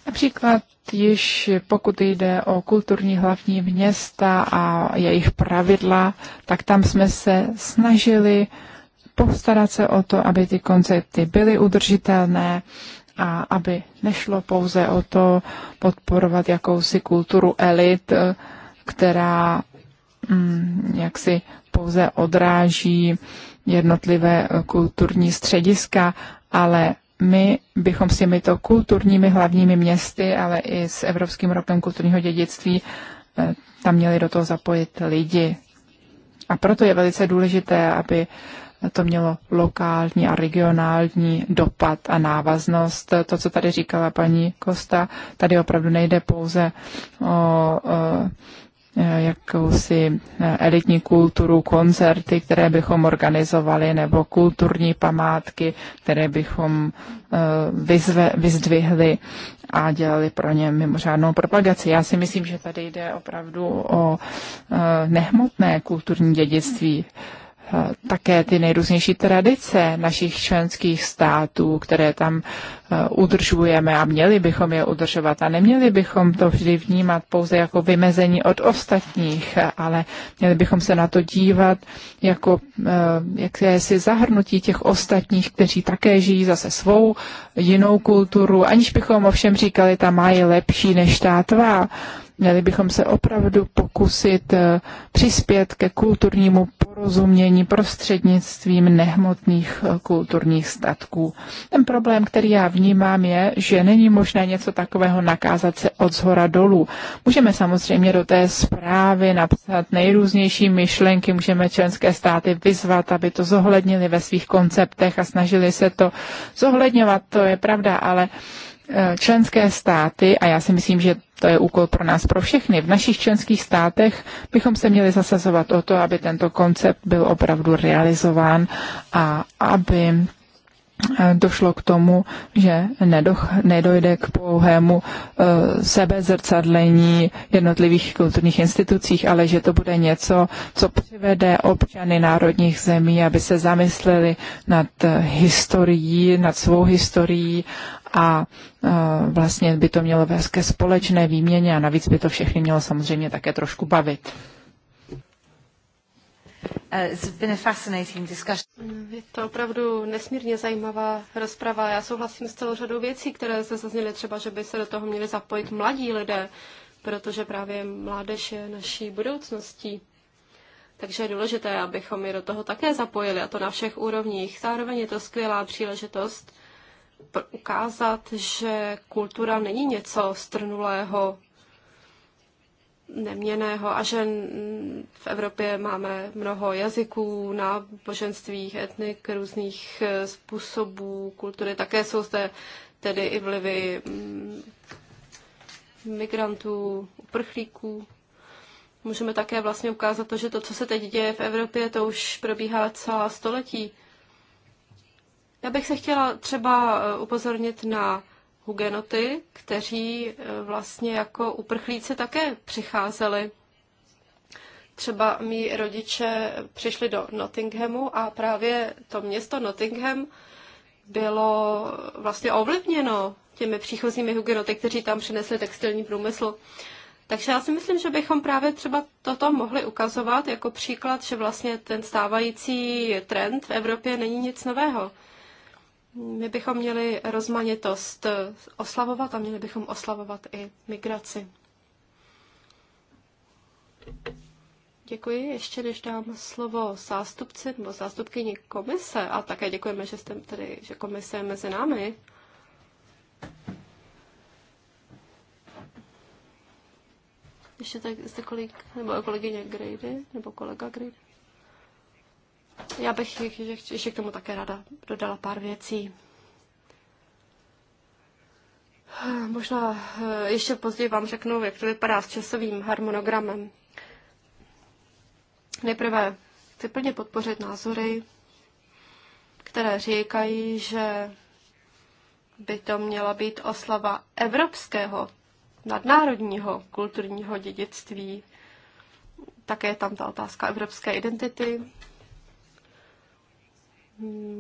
Například již pokud jde o kulturní hlavní města a jejich pravidla, tak tam jsme se snažili postarat se o to, aby ty koncepty byly udržitelné a aby nešlo pouze o to podporovat jakousi kulturu elit, která mm, jaksi pouze odráží jednotlivé kulturní střediska, ale my bychom s těmito kulturními hlavními městy, ale i s Evropským rokem kulturního dědictví eh, tam měli do toho zapojit lidi. A proto je velice důležité, aby to mělo lokální a regionální dopad a návaznost. To, co tady říkala paní Kosta, tady opravdu nejde pouze o, o eh, Eh, jakousi eh, elitní kulturu, koncerty, které bychom organizovali, nebo kulturní památky, které bychom eh, vyzve, vyzdvihli a dělali pro ně mimořádnou propagaci. Já si myslím, že tady jde opravdu o nehmotné kulturní dědictví Eh, také ty nejrůznější tradice našich členských států, které tam eh, udržujeme a měli bychom je udržovat. A neměli bychom to vždy vnímat pouze jako vymezení od ostatních, eh, ale měli bychom se na to dívat jako jakési zahrnutí těch ostatních, kteří také žijí zase svou jinou kulturu, aniž bychom ovšem říkali, ta má je lepší než ta tvá. Měli bychom se opravdu pokusit eh, přispět ke kulturnímu porozumění prostřednictvím nehmotných eh, kulturních statků. Ten problém, který já vnímám, je, že není možné něco takového nakázat se od zhora dolů. Můžeme samozřejmě do té zprávy napsat nejrůznější myšlenky, můžeme členské státy vyzvat, aby to zohlednili ve svých konceptech a snažili se to zohledňovat, to je pravda, ale Eh, členské státy, a já si myslím, že to je úkol pro nás, pro všechny, v našich členských státech bychom se měli zasazovat o to, aby tento koncept byl opravdu realizován a aby Eh, došlo k tomu, že nedoch, nedojde k pouhému uh, sebezrcadlení jednotlivých kulturních institucích, ale že to bude něco, co přivede občany národních zemí, aby se zamysleli nad eh, historií, nad svou historií a uh, vlastně by to mělo vést ke společné výměně a navíc by to všechny mělo samozřejmě také trošku bavit. Eh, mm, je to opravdu nesmírně zajímavá rozprava. Já souhlasím s celou řadou věcí, které se zazněly, třeba, že by se do toho měli zapojit mladí lidé, protože právě mládež je naší budoucností. Takže je důležité, abychom je do toho také zapojili, a to na všech úrovních. Zároveň je to skvělá příležitost ukázat, že kultura není něco strnulého, neměného a že v Evropě máme mnoho jazyků, náboženství, etnik, různých eh, způsobů kultury. Také jsou zde tedy i vlivy mm, migrantů, uprchlíků. Můžeme také vlastně ukázat to, že to, co se teď děje v Evropě, to už probíhá celá století. Já bych se chtěla třeba eh, upozornit na hugenoty, kteří eh, vlastně jako uprchlíci také přicházeli. Třeba mý rodiče přišli do Nottinghamu a právě to město Nottingham bylo vlastně ovlivněno těmi příchozími hugenoty, kteří tam přinesli textilní průmysl. Takže já si myslím, že bychom právě třeba toto mohli ukazovat jako příklad, že vlastně ten stávající trend v Evropě není nic nového. My bychom měli rozmanitost oslavovat a měli bychom oslavovat i migraci. Děkuji. Ještě než dám slovo zástupci nebo zástupkyni komise, a také děkujeme, že jste tady, že komise je mezi námi. Ještě tak jste kolik, nebo kolegyně Grady, nebo kolega Grady. Já bych ještě k tomu také ráda dodala pár věcí. Možná eh, ještě později vám řeknu, jak to vypadá s časovým harmonogramem. Nejprve chci plně podpořit názory, které říkají, že by to měla být oslava evropského nadnárodního kulturního dědictví. Také je tam ta otázka evropské identity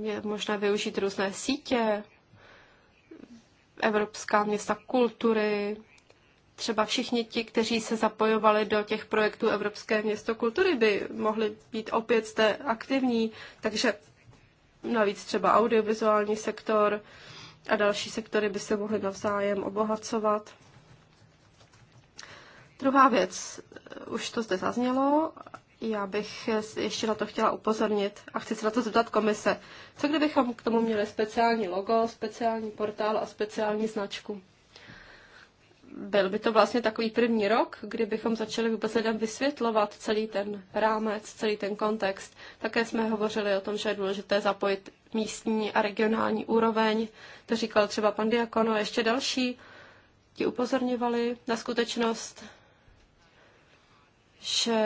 je možné využít různé sítě, evropská města kultury, třeba všichni ti, kteří se zapojovali do těch projektů Evropské město kultury, by mohli být opět zde aktivní, takže navíc třeba audiovizuální sektor a další sektory by se mohly navzájem obohacovat. Druhá věc, už to zde zaznělo, já bych ještě na to chtěla upozornit a chci se na to zeptat komise. Co kdybychom k tomu měli speciální logo, speciální portál a speciální značku? Byl by to vlastně takový první rok, kdybychom začali vůbec lidem vysvětlovat celý ten rámec, celý ten kontext. Také jsme hovořili o tom, že je důležité zapojit místní a regionální úroveň. To říkal třeba pan Diakono, ještě další. Ti upozorňovali na skutečnost, že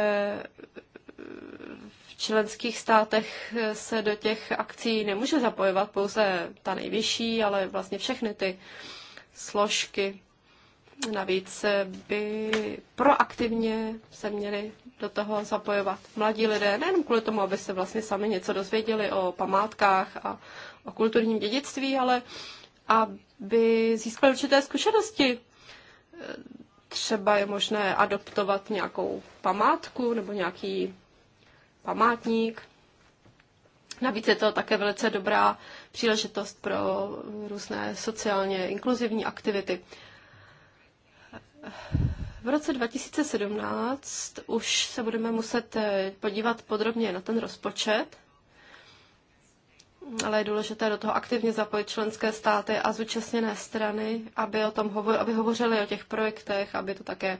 v členských státech se do těch akcí nemůže zapojovat pouze ta nejvyšší, ale vlastně všechny ty složky. Navíc by proaktivně se měli do toho zapojovat mladí lidé, nejen kvůli tomu, aby se vlastně sami něco dozvěděli o památkách a o kulturním dědictví, ale aby získali určité zkušenosti třeba je možné adoptovat nějakou památku nebo nějaký památník. Navíc je to také velice dobrá příležitost pro různé sociálně inkluzivní aktivity. V roce 2017 už se budeme muset podívat podrobně na ten rozpočet ale je důležité do toho aktivně zapojit členské státy a zúčastněné strany, aby o tom hovo- aby hovořili o těch projektech, aby to také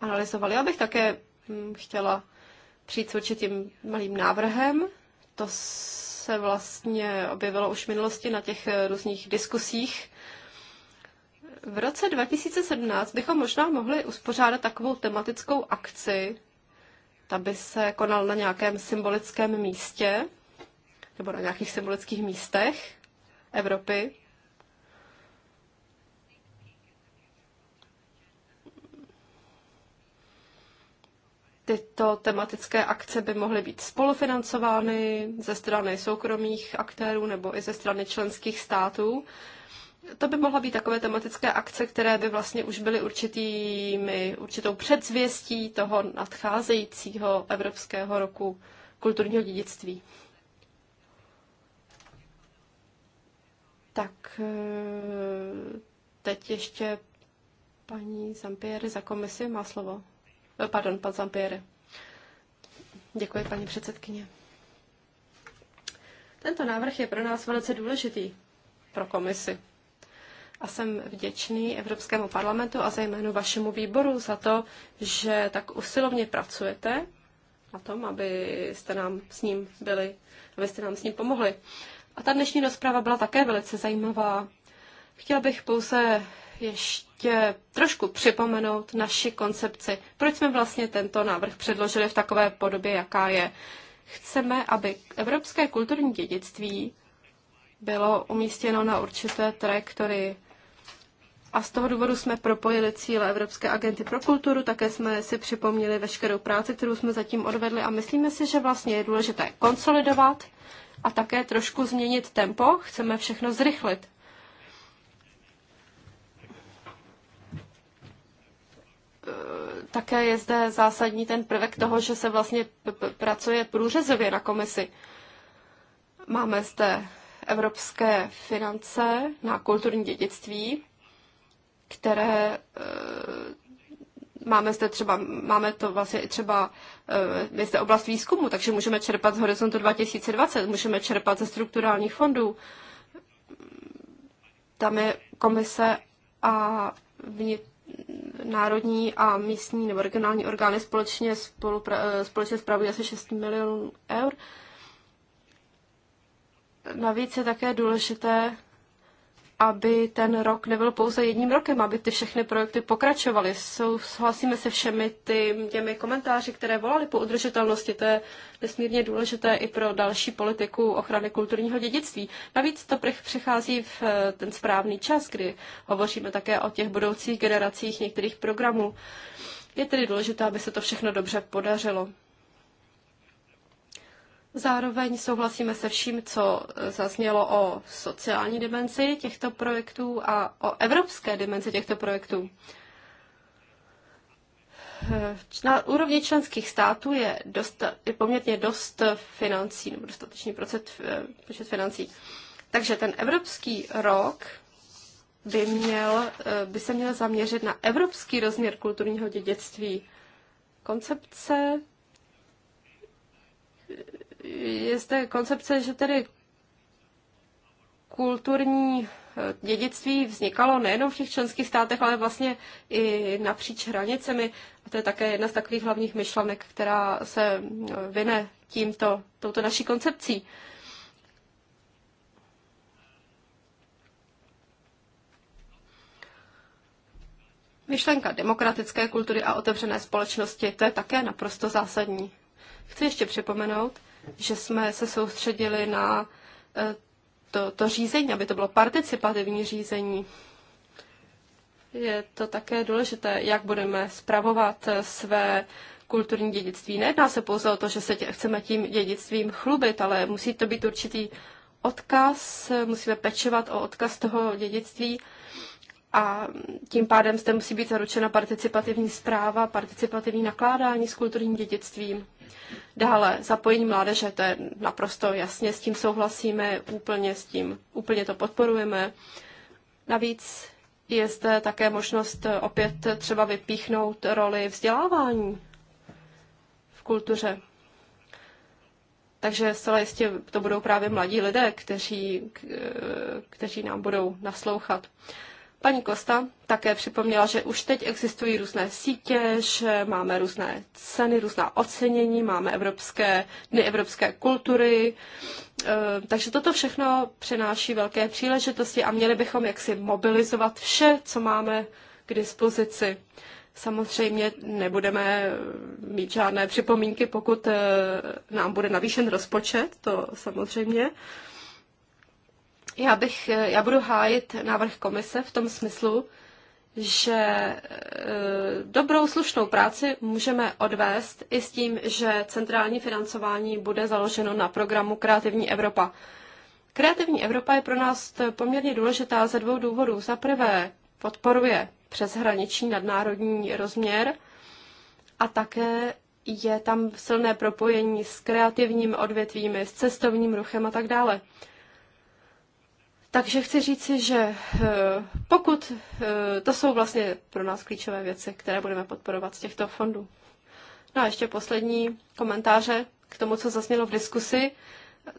analyzovali. Já bych také mm, chtěla přijít s určitým malým návrhem. To se vlastně objevilo už v minulosti na těch eh, různých diskusích. V roce 2017 bychom možná mohli uspořádat takovou tematickou akci, ta by se konal na nějakém symbolickém místě, nebo na nějakých symbolických místech Evropy. Tyto tematické akce by mohly být spolufinancovány ze strany soukromých aktérů nebo i ze strany členských států. To by mohla být takové tematické akce, které by vlastně už byly určitými, určitou předzvěstí toho nadcházejícího Evropského roku kulturního dědictví. Tak eh, teď ještě paní Zampieri za komisi má slovo. Eh, pardon, pan Zampieri. Děkuji, paní předsedkyně. Tento návrh je pro nás velice důležitý, pro komisi. A jsem vděčný Evropskému parlamentu a zejména vašemu výboru za to, že tak usilovně pracujete na tom, abyste nám s ním byli, abyste nám s ním pomohli. A ta dnešní rozprava byla také velice zajímavá. Chtěl bych pouze ještě trošku připomenout naši koncepci. Proč jsme vlastně tento návrh předložili v takové podobě, jaká je? Chceme, aby evropské kulturní dědictví bylo umístěno na určité trajektorii. A z toho důvodu jsme propojili cíle Evropské agenty pro kulturu, také jsme si připomněli veškerou práci, kterou jsme zatím odvedli a myslíme si, že vlastně je důležité konsolidovat a také trošku změnit tempo, chceme všechno zrychlit. Eh, také je zde zásadní ten prvek toho, že se vlastně pracuje průřezově na komisi. Máme zde evropské finance na kulturní dědictví, které eh, Máme zde třeba, máme to vlastně třeba, eh, je zde oblast výzkumu, takže můžeme čerpat z horizontu 2020, můžeme čerpat ze strukturálních fondů. Tam je komise a vnitř národní a místní nebo regionální orgány společně, spolupra- eh, společně spravují asi 6 milionů eur. Navíc je také důležité aby ten rok nebyl pouze jedním rokem, aby ty všechny projekty pokračovaly. Souhlasíme se všemi ty, těmi komentáři, které volali po udržitelnosti. To je nesmírně důležité i pro další politiku ochrany kulturního dědictví. Navíc to přichází v eh, ten správný čas, kdy hovoříme také o těch budoucích generacích některých programů. Je tedy důležité, aby se to všechno dobře podařilo. Zároveň souhlasíme se vším, co e, zaznělo o sociální dimenzi těchto projektů a o evropské dimenzi těchto projektů. E, na úrovni členských států je, dost, je poměrně dost financí, nebo dostatečný procent, e, počet financí. Takže ten evropský rok by, měl, by se měl zaměřit na evropský rozměr kulturního dědictví. Koncepce je zde koncepce, že tedy kulturní eh, dědictví vznikalo nejenom v těch členských státech, ale vlastně i napříč hranicemi. A to je také jedna z takových hlavních myšlenek, která se eh, vyne tímto, touto naší koncepcí. Myšlenka demokratické kultury a otevřené společnosti, to je také naprosto zásadní. Chci ještě připomenout, že jsme se soustředili na eh, to, to řízení, aby to bylo participativní řízení. Je to také důležité, jak budeme spravovat eh, své kulturní dědictví. Nejedná se pouze o to, že se tě, chceme tím dědictvím chlubit, ale musí to být určitý odkaz, eh, musíme pečovat o odkaz toho dědictví a tím pádem zde musí být zaručena participativní zpráva, participativní nakládání s kulturním dědictvím. Dále zapojení mládeže, to je naprosto jasně, s tím souhlasíme, úplně s tím, úplně to podporujeme. Navíc je zde také možnost opět třeba vypíchnout roli vzdělávání v kultuře. Takže zcela jistě to budou právě mladí lidé, kteří, kteří nám budou naslouchat. Paní Kosta také připomněla, že už teď existují různé sítě, že máme různé ceny, různá ocenění, máme evropské dny evropské kultury, eh, takže toto všechno přináší velké příležitosti a měli bychom jaksi mobilizovat vše, co máme k dispozici. Samozřejmě nebudeme mít žádné připomínky, pokud eh, nám bude navýšen rozpočet, to samozřejmě. Já, bych, eh, já budu hájit návrh komise v tom smyslu, že eh, dobrou slušnou práci můžeme odvést i s tím, že centrální financování bude založeno na programu Kreativní Evropa. Kreativní Evropa je pro nás poměrně důležitá ze dvou důvodů. Za prvé podporuje přeshraniční nadnárodní rozměr a také je tam silné propojení s kreativními odvětvími, s cestovním ruchem a tak dále. Takže chci říci, že eh, pokud eh, to jsou vlastně pro nás klíčové věci, které budeme podporovat z těchto fondů. No a ještě poslední komentáře k tomu, co zasnělo v diskusi. Eh,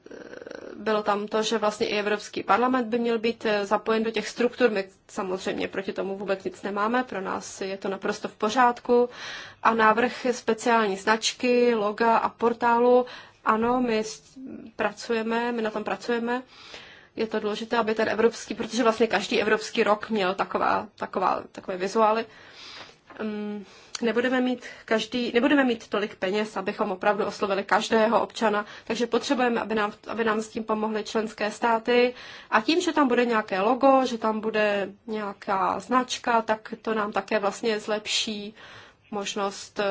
bylo tam to, že vlastně i Evropský parlament by měl být zapojen do těch struktur. My samozřejmě proti tomu vůbec nic nemáme, pro nás je to naprosto v pořádku. A návrh speciální značky, loga a portálu, ano, my pracujeme, my na tom pracujeme. Uh, je to důležité, aby ten evropský, protože vlastně každý evropský rok měl taková, taková, takové vizuály. Um, nebudeme mít každý, nebudeme mít tolik peněz, abychom opravdu oslovili každého občana, takže potřebujeme, aby nám, aby nám s tím pomohly členské státy a tím, že tam bude nějaké logo, že tam bude nějaká značka, tak to nám také vlastně zlepší možnost eh,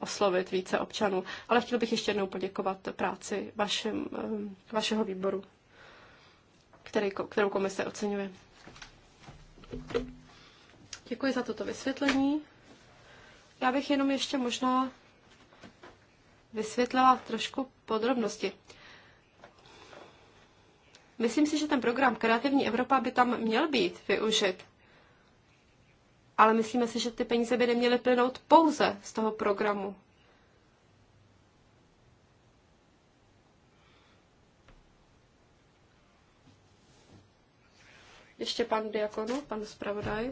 oslovit více občanů. Ale chtěl bych ještě jednou poděkovat práci vašem, eh, vašeho výboru který, kterou komise oceňuje. Děkuji za toto vysvětlení. Já bych jenom ještě možná vysvětlila trošku podrobnosti. Myslím si, že ten program Kreativní Evropa by tam měl být využit. Ale myslíme si, že ty peníze by neměly plynout pouze z toho programu Ještě pan Diakonu, pan zpravodaj.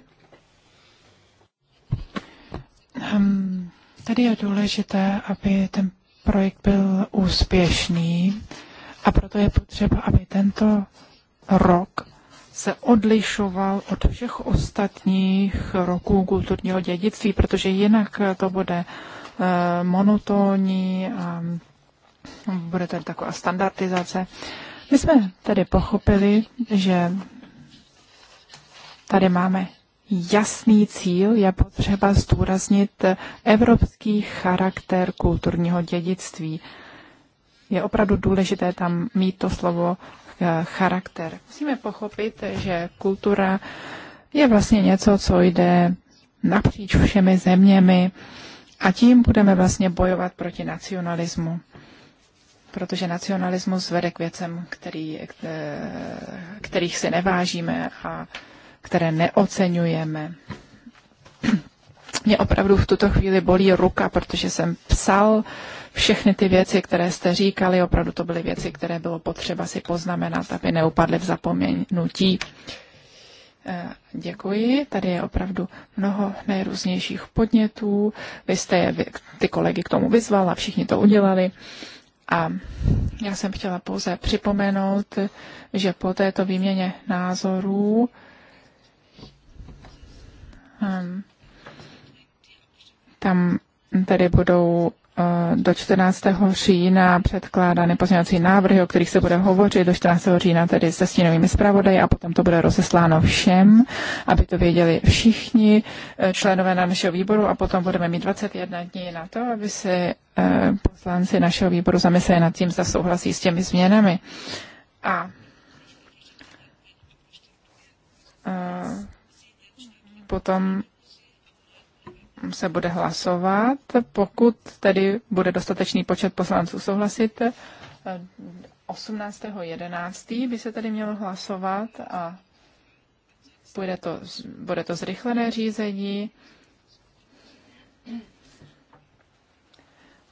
Ehm, tady je důležité, aby ten projekt byl úspěšný a proto je potřeba, aby tento rok se odlišoval od všech ostatních roků kulturního dědictví, protože jinak to bude eh, monotónní a bude tady taková standardizace. My jsme tedy pochopili, že Tady máme jasný cíl, je potřeba zdůraznit evropský charakter kulturního dědictví. Je opravdu důležité tam mít to slovo eh, charakter. Musíme pochopit, že kultura je vlastně něco, co jde napříč všemi zeměmi a tím budeme vlastně bojovat proti nacionalismu. Protože nacionalismus vede k věcem, který, eh, kterých si nevážíme a které neocenujeme. Mě opravdu v tuto chvíli bolí ruka, protože jsem psal všechny ty věci, které jste říkali, opravdu to byly věci, které bylo potřeba si poznamenat, aby neupadly v zapomenutí. Eh, děkuji. Tady je opravdu mnoho nejrůznějších podnětů. Vy jste je, ty kolegy k tomu vyzval a všichni to udělali. A já jsem chtěla pouze připomenout, že po této výměně názorů Hm. Tam tady budou eh, do 14. října předkládány pozměňovací návrhy, o kterých se bude hovořit do 14. října tedy se stínovými zpravodaji a potom to bude rozesláno všem, aby to věděli všichni eh, členové na našeho výboru a potom budeme mít 21 dní na to, aby se eh, poslanci našeho výboru zamysleli nad tím, zda souhlasí s těmi změnami. A potom se bude hlasovat, pokud tedy bude dostatečný počet poslanců souhlasit. 18.11. Eh, by se tedy mělo hlasovat a bude to, bude to zrychlené řízení.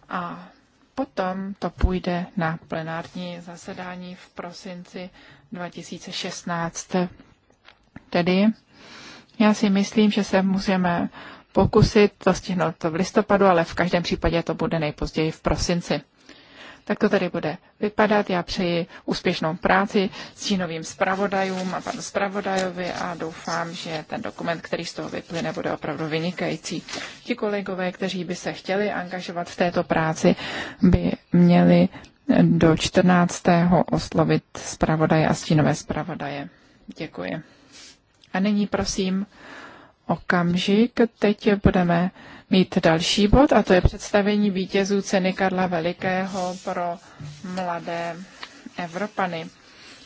A potom to půjde na plenární zasedání v prosinci 2016. Tedy já si myslím, že se musíme pokusit to stihnout v listopadu, ale v každém případě to bude nejpozději v prosinci. Tak to tady bude vypadat. Já přeji úspěšnou práci s čínovým zpravodajům a panu zpravodajovi a doufám, že ten dokument, který z toho vyplyne, bude opravdu vynikající. Ti kolegové, kteří by se chtěli angažovat v této práci, by měli do 14. oslovit zpravodaje a stínové zpravodaje. Děkuji. A nyní prosím okamžik. Teď budeme mít další bod a to je představení vítězů ceny Karla Velikého pro mladé Evropany.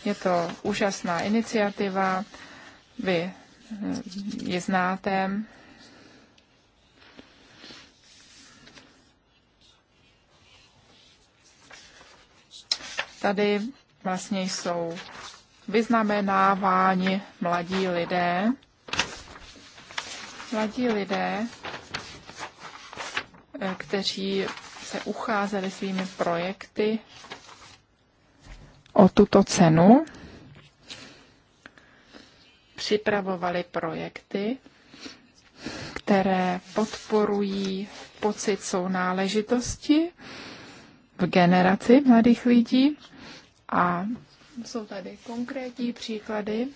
Je to úžasná iniciativa, vy eh, ji znáte. Tady vlastně jsou vyznamenáváni mladí lidé. Mladí lidé, eh, kteří se ucházeli svými projekty o tuto cenu, připravovali projekty, které podporují pocit sounáležitosti v generaci mladých lidí a jsou tady konkrétní příklady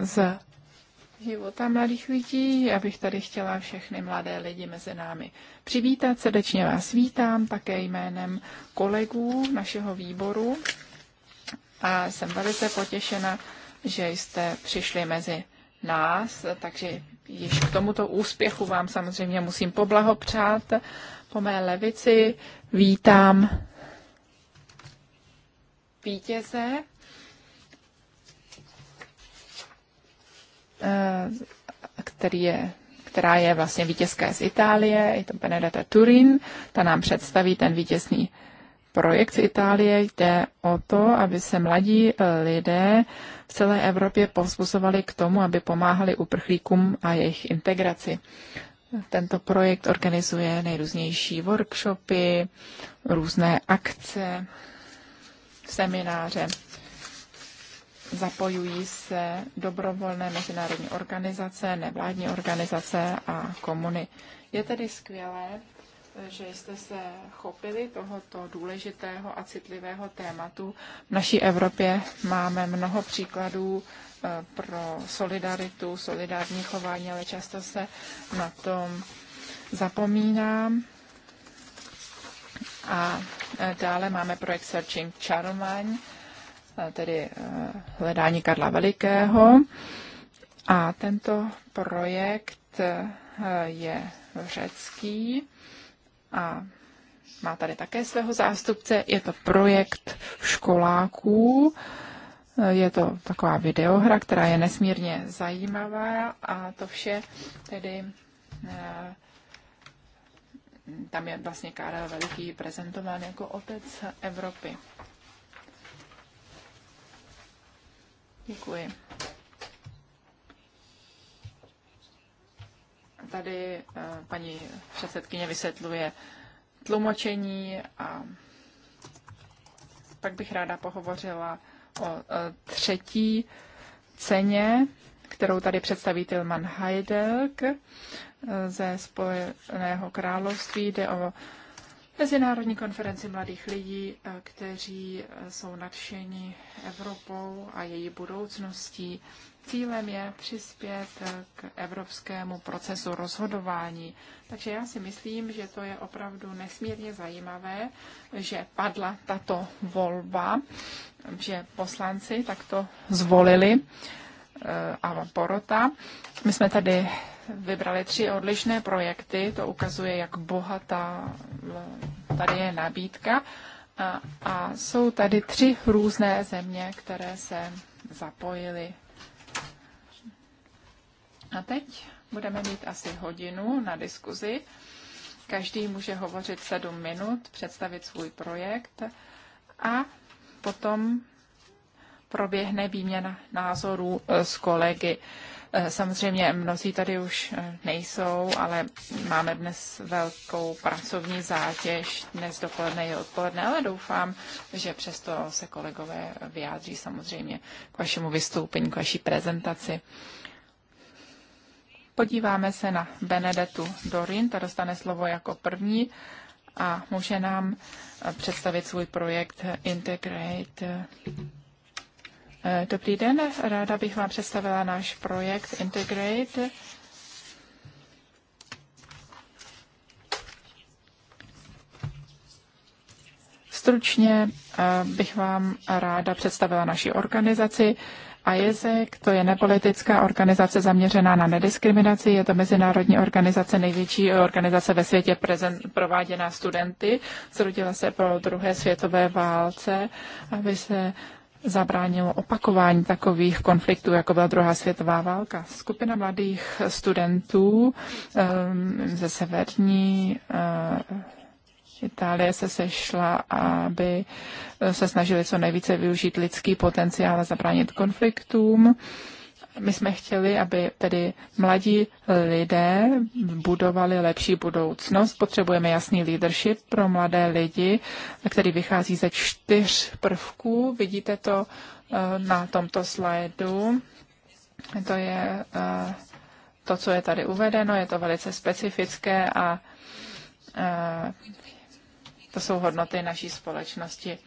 z života mladých lidí. Já bych tady chtěla všechny mladé lidi mezi námi přivítat. Srdečně vás vítám také jménem kolegů našeho výboru. A jsem velice potěšena, že jste přišli mezi nás, takže již k tomuto úspěchu vám samozřejmě musím poblahopřát. Po mé levici vítám vítěze. Eh, který je, která je vlastně vítězka z Itálie, je to Benedetta Turin, ta nám představí ten vítězný projekt z Itálie jde o to, aby se mladí eh, lidé v celé Evropě povzbuzovali k tomu, aby pomáhali uprchlíkům a jejich integraci. Tento projekt organizuje nejrůznější workshopy, různé akce semináře. Zapojují se dobrovolné mezinárodní organizace, nevládní organizace a komuny. Je tedy skvělé, že jste se chopili tohoto důležitého a citlivého tématu. V naší Evropě máme mnoho příkladů eh, pro solidaritu, solidární chování, ale často se na tom zapomínám. A e, dále máme projekt Searching Charlemagne, e, tedy e, hledání Karla Velikého. A tento projekt je řecký a má tady také svého zástupce. Je to projekt školáků. Je to taková videohra, která je nesmírně zajímavá a to vše tedy tam je vlastně Karel Veliký prezentován jako otec Evropy. Děkuji. Tady eh, paní předsedkyně vysvětluje tlumočení a pak bych ráda pohovořila o eh, třetí ceně kterou tady představí Tilman Heidelk eh, ze Spojeného království. Jde o Mezinárodní konferenci mladých lidí, eh, kteří eh, jsou nadšeni Evropou a její budoucností. Cílem je přispět k evropskému procesu rozhodování. Takže já si myslím, že to je opravdu nesmírně zajímavé, že padla tato volba, že poslanci takto zvolili a porota. My jsme tady vybrali tři odlišné projekty, to ukazuje, jak bohatá tady je nabídka. A, a jsou tady tři různé země, které se zapojily. A teď budeme mít asi hodinu na diskuzi. Každý může hovořit sedm minut, představit svůj projekt a potom proběhne výměna názorů eh, s kolegy. Eh, samozřejmě mnozí tady už eh, nejsou, ale máme dnes velkou pracovní zátěž, dnes dopoledne i odpoledne, ale doufám, že přesto se kolegové vyjádří samozřejmě k vašemu vystoupení, k vaší prezentaci. Podíváme se na Benedetu Dorin, ta dostane slovo jako první a může nám představit svůj projekt Integrate Dobrý den, ráda bych vám představila náš projekt Integrate. Stručně eh, bych vám ráda představila naši organizaci. AJEZEK, to je nepolitická organizace zaměřená na nediskriminaci, je to mezinárodní organizace, největší organizace ve světě prezen, prováděná studenty. Zrodila se po druhé světové válce, aby se zabránilo opakování takových konfliktů, jako byla druhá světová válka. Skupina mladých studentů ehm, ze severní eh, Itálie se sešla, aby se snažili co nejvíce využít lidský potenciál a zabránit konfliktům my jsme chtěli, aby tedy mladí lidé budovali lepší budoucnost. Potřebujeme jasný leadership pro mladé lidi, který vychází ze čtyř prvků. Vidíte to eh, na tomto slajdu. To je eh, to, co je tady uvedeno, je to velice specifické a eh, to jsou hodnoty naší společnosti.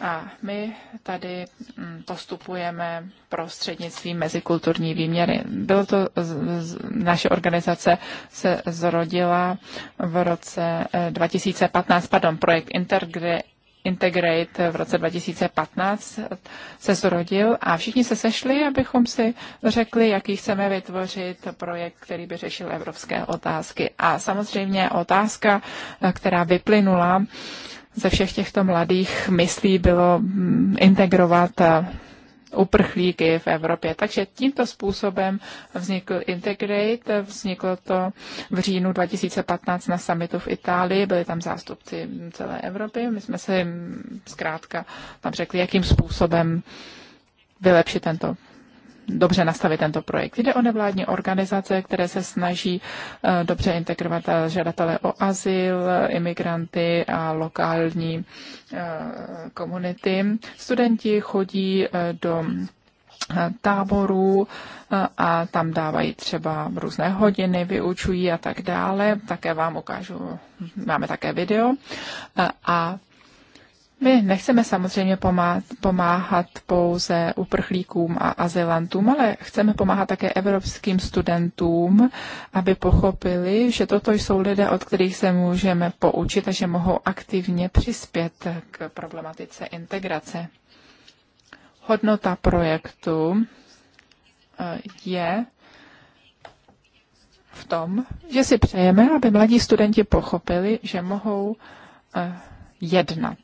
A my tady mm, postupujeme prostřednictvím mezikulturní výměny. Bylo to, naše organizace se zrodila v roce 2015, eh, pardon, projekt Intergre, Integrate v roce 2015 se zrodil a všichni se sešli, abychom si řekli, jaký chceme vytvořit projekt, který by řešil evropské otázky. A samozřejmě otázka, eh, která vyplynula, ze všech těchto mladých myslí bylo mm, integrovat eh, uprchlíky v Evropě. Takže tímto způsobem vznikl Integrate, vzniklo to v říjnu 2015 na summitu v Itálii, byli tam zástupci celé Evropy. My jsme si zkrátka tam řekli, jakým způsobem vylepšit tento dobře nastavit tento projekt. Jde o nevládní organizace, které se snaží eh, dobře integrovat eh, žadatele o azyl, imigranty a lokální eh, komunity. Studenti chodí do táborů a tam dávají třeba různé hodiny, vyučují a tak dále. Také vám ukážu, máme také video. A my nechceme samozřejmě pomáhat, pouze uprchlíkům a azylantům, ale chceme pomáhat také evropským studentům, aby pochopili, že toto jsou lidé, od kterých se můžeme poučit a že mohou aktivně přispět k problematice integrace. Hodnota projektu eh, je v tom, že si přejeme, aby mladí studenti pochopili, že mohou eh, jednat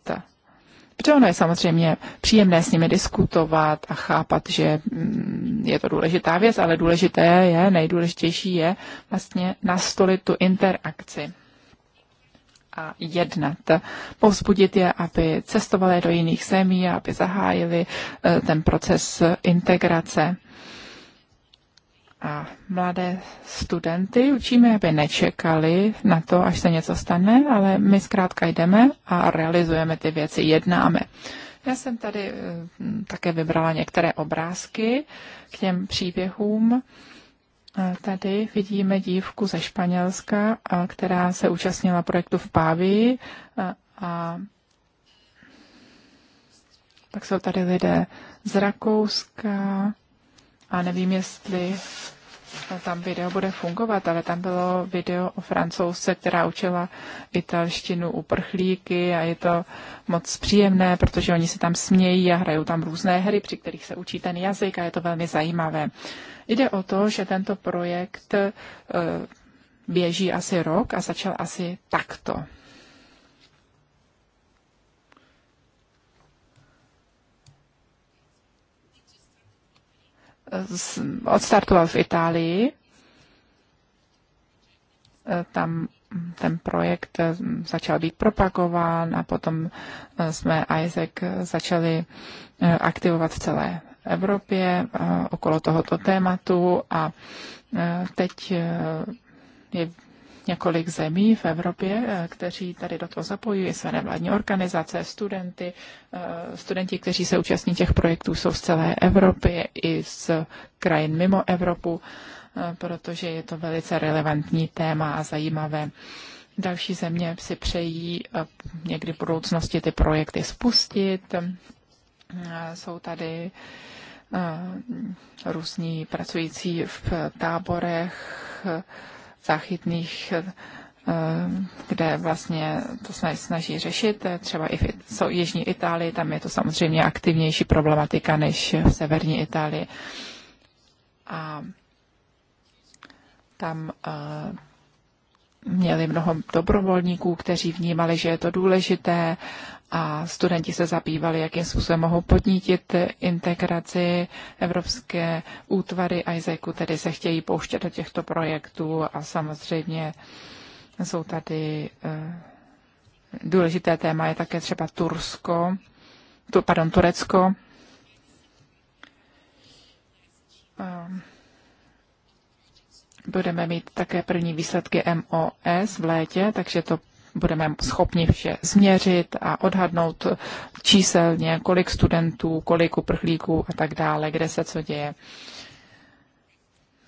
Protože ono je samozřejmě příjemné s nimi diskutovat a chápat, že mm, je to důležitá věc, ale důležité je, nejdůležitější je vlastně nastolit tu interakci a jednat. Povzbudit je, aby cestovali do jiných zemí, aby zahájili eh, ten proces integrace a mladé studenty učíme, aby nečekali na to, až se něco stane, ale my zkrátka jdeme a realizujeme ty věci, jednáme. Já jsem tady eh, také vybrala některé obrázky k těm příběhům. Tady vidíme dívku ze Španělska, která se účastnila projektu v Pávii a pak jsou tady lidé z Rakouska a nevím, jestli No, tam video bude fungovat, ale tam bylo video o francouzce, která učila italštinu uprchlíky a je to moc příjemné, protože oni se tam smějí a hrajou tam různé hry, při kterých se učí ten jazyk a je to velmi zajímavé. Jde o to, že tento projekt eh, běží asi rok a začal asi takto. Eh, odstartoval v Itálii. Eh, tam ten projekt eh, začal být propagován a potom jsme Isaac začali aktivovat v celé Evropě okolo tohoto tématu a teď je několik zemí v Evropě, eh, kteří tady do toho zapojují své nevládní organizace, studenty. Eh, studenti, kteří se účastní těch projektů, jsou z celé Evropy i z krajin mimo Evropu, eh, protože je to velice relevantní téma a zajímavé. Další země si přejí někdy v budoucnosti ty projekty spustit. Jsou tady různí pracující v táborech, záchytných, eh, kde vlastně to se snaží řešit. Třeba i v jižní Itálii, tam je to samozřejmě aktivnější problematika než v severní Itálii. A tam eh, měli mnoho dobrovolníků, kteří vnímali, že je to důležité a studenti se zabývali, jakým způsobem mohou podnítit integraci evropské útvary ISECu, tedy se chtějí pouštět do těchto projektů a samozřejmě jsou tady eh, důležité téma je také třeba Tursko, tu, pardon, Turecko. Ehm, budeme mít také první výsledky MOS v létě, takže to budeme schopni vše změřit a odhadnout číselně, kolik studentů, kolik uprchlíků a tak dále, kde se co děje.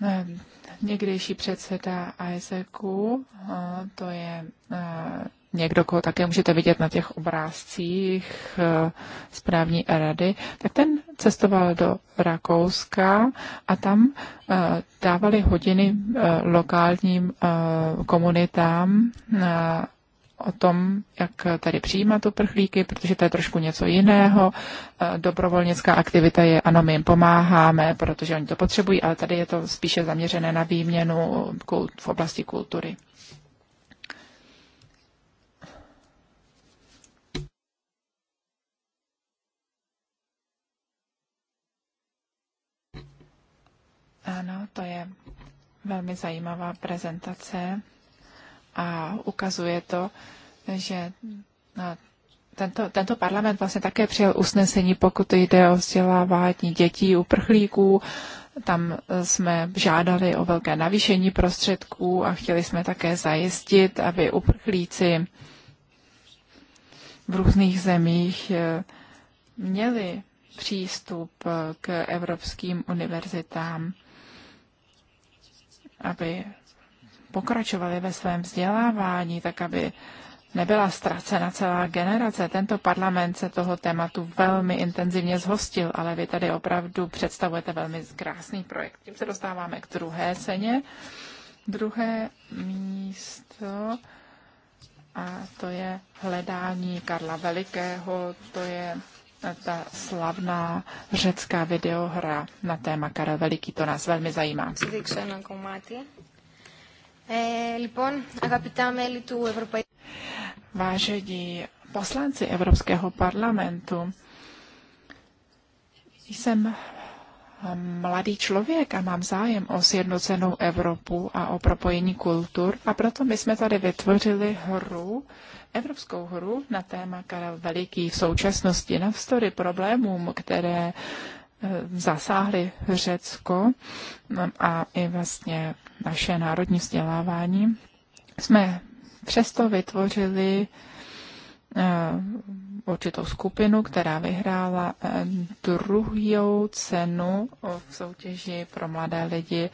Eh, někdejší předseda ISECu, eh, to je eh, někdo, koho také můžete vidět na těch obrázcích správní rady, tak ten cestoval do Rakouska a tam dávali hodiny lokálním komunitám o tom, jak tady přijímat uprchlíky, protože to je trošku něco jiného. E, dobrovolnická aktivita je, ano, my jim pomáháme, protože oni to potřebují, ale tady je to spíše zaměřené na výměnu v oblasti kultury. Ano, to je velmi zajímavá prezentace. A ukazuje to, že tento, tento parlament vlastně také přijal usnesení, pokud jde o vzdělávání dětí uprchlíků. Tam e, jsme žádali o velké navýšení prostředků a chtěli jsme také zajistit, aby uprchlíci v různých zemích e, měli přístup e, k evropským univerzitám, aby pokračovali ve svém vzdělávání, tak aby nebyla ztracena celá generace. Tento parlament se toho tématu velmi intenzivně zhostil, ale vy tady opravdu představujete velmi krásný projekt. Tím se dostáváme k druhé ceně. Druhé místo a to je hledání Karla Velikého, to je ta slavná řecká videohra na téma Karel Veliký, to nás velmi zajímá. Eh, Vážení poslanci Evropského parlamentu, jsem eh, mladý člověk a mám zájem o sjednocenou Evropu a o propojení kultur a proto my jsme tady vytvořili hru, Evropskou hru na téma Karel Veliký v současnosti navzdory problémům, které Eh, zasáhly Řecko mm, a i vlastně naše národní vzdělávání, jsme přesto vytvořili eh, určitou skupinu, která vyhrála eh, druhou cenu v soutěži pro mladé lidi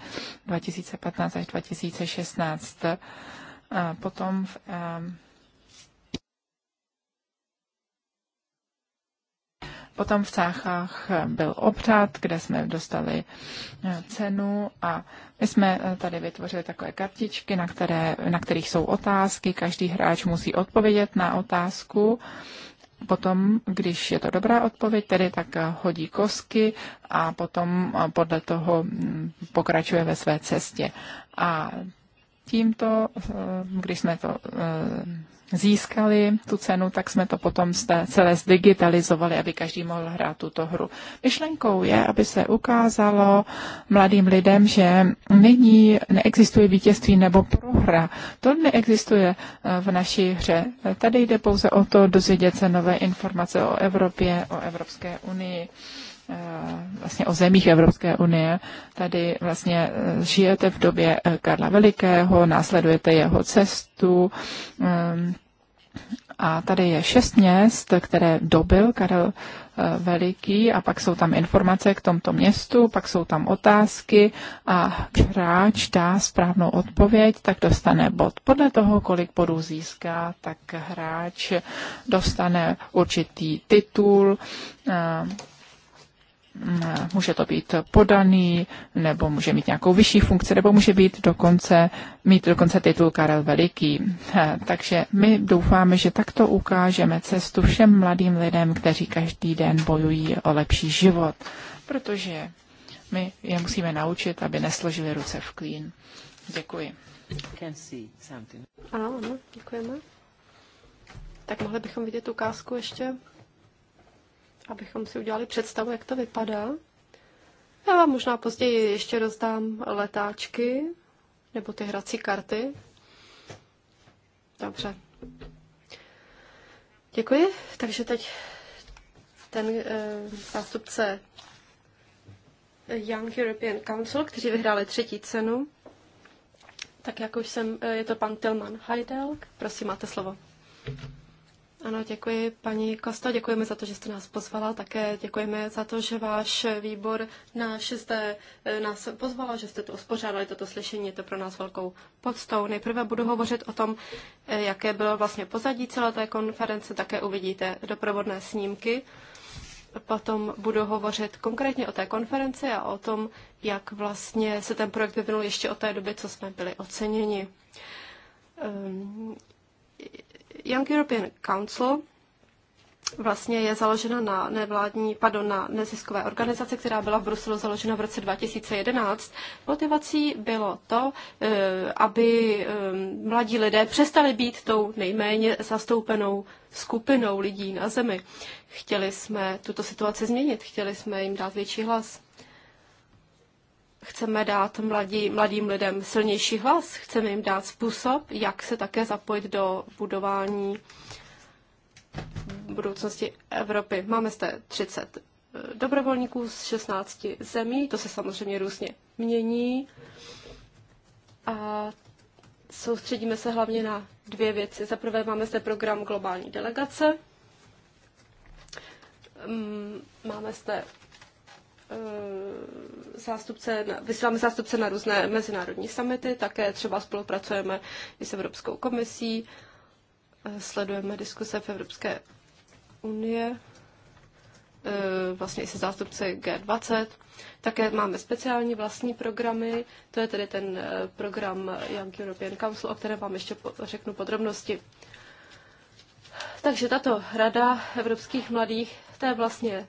2015 až 2016. Potom v Potom v Cáchách byl obřad, kde jsme dostali eh, cenu a my jsme eh, tady vytvořili takové kartičky, na, které, na kterých jsou otázky. Každý hráč musí odpovědět na otázku. Potom, když je to dobrá odpověď, tedy tak eh, hodí kosky a potom podle toho mm, pokračuje ve své cestě. A tímto, eh, když jsme to eh, získali tu cenu, tak jsme to potom celé zdigitalizovali, aby každý mohl hrát tuto hru. Myšlenkou je, aby se ukázalo mladým lidem, že není, neexistuje vítězství nebo prohra. To neexistuje eh, v naší hře. Tady jde pouze o to dozvědět se nové informace o Evropě, o Evropské unii. Eh, vlastně o zemích Evropské unie. Tady vlastně eh, žijete v době eh, Karla Velikého, následujete jeho cestu. Ehm, a tady je šest měst, které dobil Karel Veliký a pak jsou tam informace k tomto městu, pak jsou tam otázky a hráč dá správnou odpověď, tak dostane bod. Podle toho, kolik bodů získá, tak hráč dostane určitý titul, ehm, může to být podaný, nebo může mít nějakou vyšší funkci, nebo může být dokonce, mít dokonce titul Karel Veliký. Eh, takže my doufáme, že takto ukážeme cestu všem mladým lidem, kteří každý den bojují o lepší život, protože my je musíme naučit, aby nesložili ruce v klín. Děkuji. Ano, ano, děkujeme. Tak mohli bychom vidět ukázku ještě? abychom si udělali představu, jak to vypadá. Já vám možná později ještě rozdám letáčky nebo ty hrací karty. Dobře. Děkuji. Takže teď ten e, zástupce Young European Council, kteří vyhráli třetí cenu, tak jak už jsem, eh, je to pan Tilman Heidel. Prosím, máte slovo. Ano, děkuji paní Kosta, děkujeme za to, že jste nás pozvala, také děkujeme za to, že váš výbor náš jste, e, nás pozvala, že jste tu uspořádali toto slyšení, je to pro nás velkou podstou. Nejprve budu hovořit o tom, e, jaké bylo vlastně pozadí celé té konference, také uvidíte doprovodné snímky. Potom budu hovořit konkrétně o té konferenci a o tom, jak vlastně se ten projekt vyvinul ještě od té doby, co jsme byli oceněni. Ehm, Young European Council vlastně je založena na nevládní, pardon, na neziskové organizace, která byla v Bruselu založena v roce 2011. Motivací bylo to, eh, aby eh, mladí lidé přestali být tou nejméně zastoupenou skupinou lidí na zemi. Chtěli jsme tuto situaci změnit, chtěli jsme jim dát větší hlas chceme dát mladí, mladým lidem silnější hlas, chceme jim dát způsob, jak se také zapojit do budování budoucnosti Evropy. Máme zde 30 eh, dobrovolníků z 16 zemí, to se samozřejmě různě mění. A soustředíme se hlavně na dvě věci. Za prvé máme zde program globální delegace. Mm, máme zde Eh, zástupce, vysíláme zástupce na různé mezinárodní samity, také třeba spolupracujeme i s Evropskou komisí, eh, sledujeme diskuse v Evropské unie, eh, vlastně i se zástupce G20. Také máme speciální vlastní programy, to je tedy ten program Young European Council, o kterém vám ještě řeknu podrobnosti. Takže tato Rada evropských mladých, to je vlastně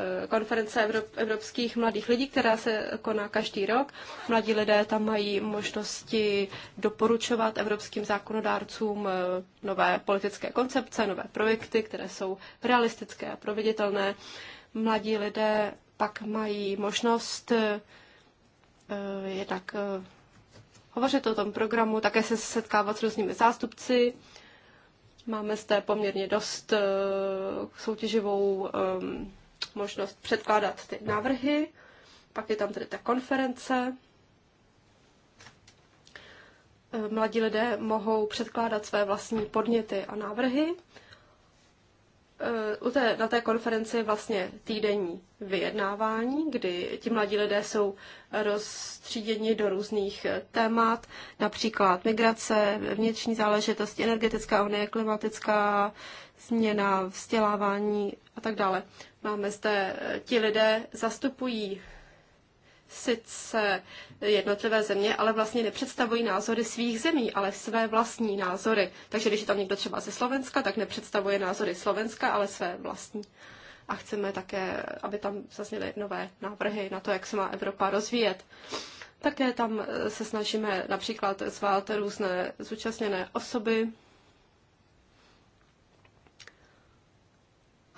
Eh, konference evropských mladých lidí, která se koná každý rok. Mladí lidé tam mají možnosti doporučovat evropským zákonodárcům eh, nové politické koncepce, nové projekty, které jsou realistické a proveditelné. Mladí lidé pak mají možnost eh, jednak hovořit o tom programu, také se setkávat s různými zástupci. Máme zde poměrně dost soutěživou možnost předkládat ty návrhy, pak je tam tedy ta konference. Eh, mladí lidé mohou předkládat své vlastní podněty a návrhy. Eh, u té, na té konferenci vlastně týdenní vyjednávání, kdy ti mladí lidé jsou rozstříděni do různých eh, témat, například migrace, vnitřní záležitosti, energetická unie, klimatická změna, vzdělávání a tak dále. Máme zde, eh, ti lidé zastupují sice jednotlivé země, ale vlastně nepředstavují názory svých zemí, ale své vlastní názory. Takže když je tam někdo třeba ze Slovenska, tak nepředstavuje názory Slovenska, ale své vlastní. A chceme také, aby tam zazněly nové návrhy na to, jak se má Evropa rozvíjet. Také tam eh, se snažíme například zvát různé zúčastněné osoby,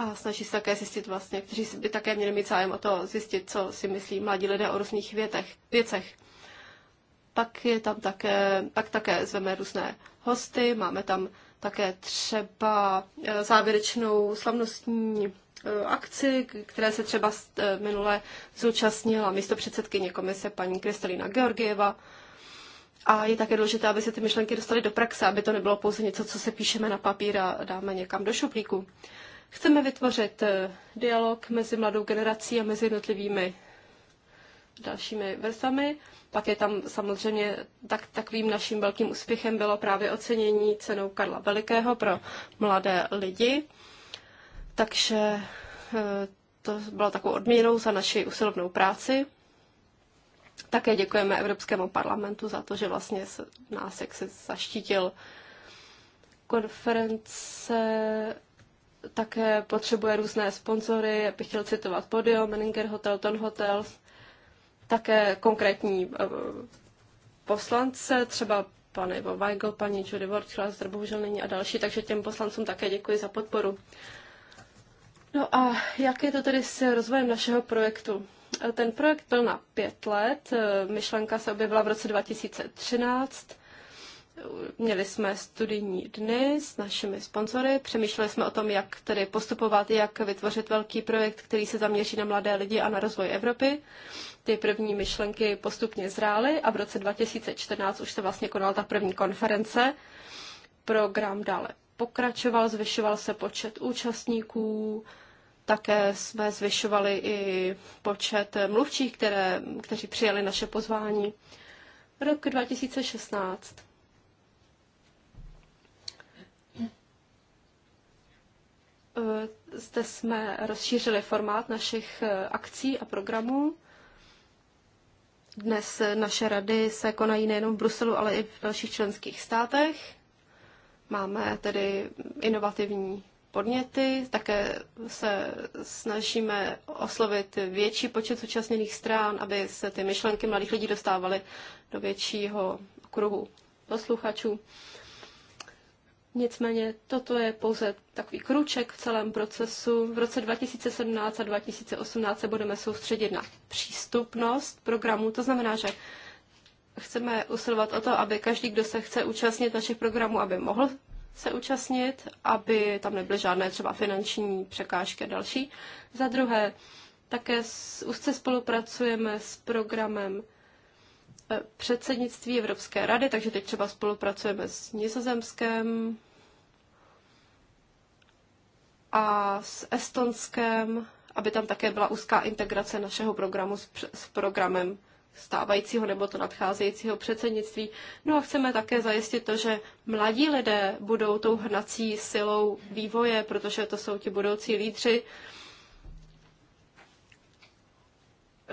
a snaží se také zjistit vlastně, kteří by také měli mít zájem o to zjistit, co si myslí mladí lidé o různých větech, věcech. Pak je tam také, pak také zveme různé hosty, máme tam také třeba eh, závěrečnou slavnostní eh, akci, které se třeba eh, minule zúčastnila místo předsedkyně komise paní Kristalina Georgieva. A je také důležité, aby se ty myšlenky dostaly do praxe, aby to nebylo pouze něco, co se píšeme na papír a dáme někam do šuplíku. Chceme vytvořit eh, dialog mezi mladou generací a mezi jednotlivými dalšími vrstvami. Pak je tam samozřejmě tak, takovým naším velkým úspěchem bylo právě ocenění cenou Karla Velikého pro mladé lidi. Takže eh, to bylo takovou odměnou za naši usilovnou práci. Také děkujeme Evropskému parlamentu za to, že vlastně nás jak se zaštítil konference také potřebuje různé sponzory, já bych chtěl citovat Podio, Meninger Hotel, Ton Hotels, také konkrétní eh, poslance, třeba pan Ivo Weigl, paní Judy Wortschlaster, bohužel není a další, takže těm poslancům také děkuji za podporu. No a jak je to tedy s rozvojem našeho projektu? Eh, ten projekt byl na pět let, eh, myšlenka se objevila v roce 2013, Měli jsme studijní dny s našimi sponzory, přemýšleli jsme o tom, jak tedy postupovat, jak vytvořit velký projekt, který se zaměří na mladé lidi a na rozvoj Evropy. Ty první myšlenky postupně zrály a v roce 2014 už se vlastně konala ta první konference. Program dále pokračoval, zvyšoval se počet účastníků, také jsme zvyšovali i počet mluvčích, které, kteří přijali naše pozvání. Rok 2016 Eh, zde jsme rozšířili formát našich eh, akcí a programů. Dnes eh, naše rady se konají nejenom v Bruselu, ale i v dalších členských státech. Máme tedy inovativní podněty, také se snažíme oslovit větší počet zúčastněných strán, aby se ty myšlenky mladých lidí dostávaly do většího kruhu posluchačů. Nicméně toto je pouze takový kruček v celém procesu. V roce 2017 a 2018 se budeme soustředit na přístupnost programů. To znamená, že chceme usilovat o to, aby každý, kdo se chce účastnit našich programů, aby mohl se účastnit, aby tam nebyly žádné třeba finanční překážky a další. Za druhé, také úzce spolupracujeme s programem Eh, předsednictví Evropské rady, takže teď třeba spolupracujeme s Nizozemskem a s Estonskem, aby tam také byla úzká integrace našeho programu s, s programem stávajícího nebo to nadcházejícího předsednictví. No a chceme také zajistit to, že mladí lidé budou tou hnací silou vývoje, protože to jsou ti budoucí lídři.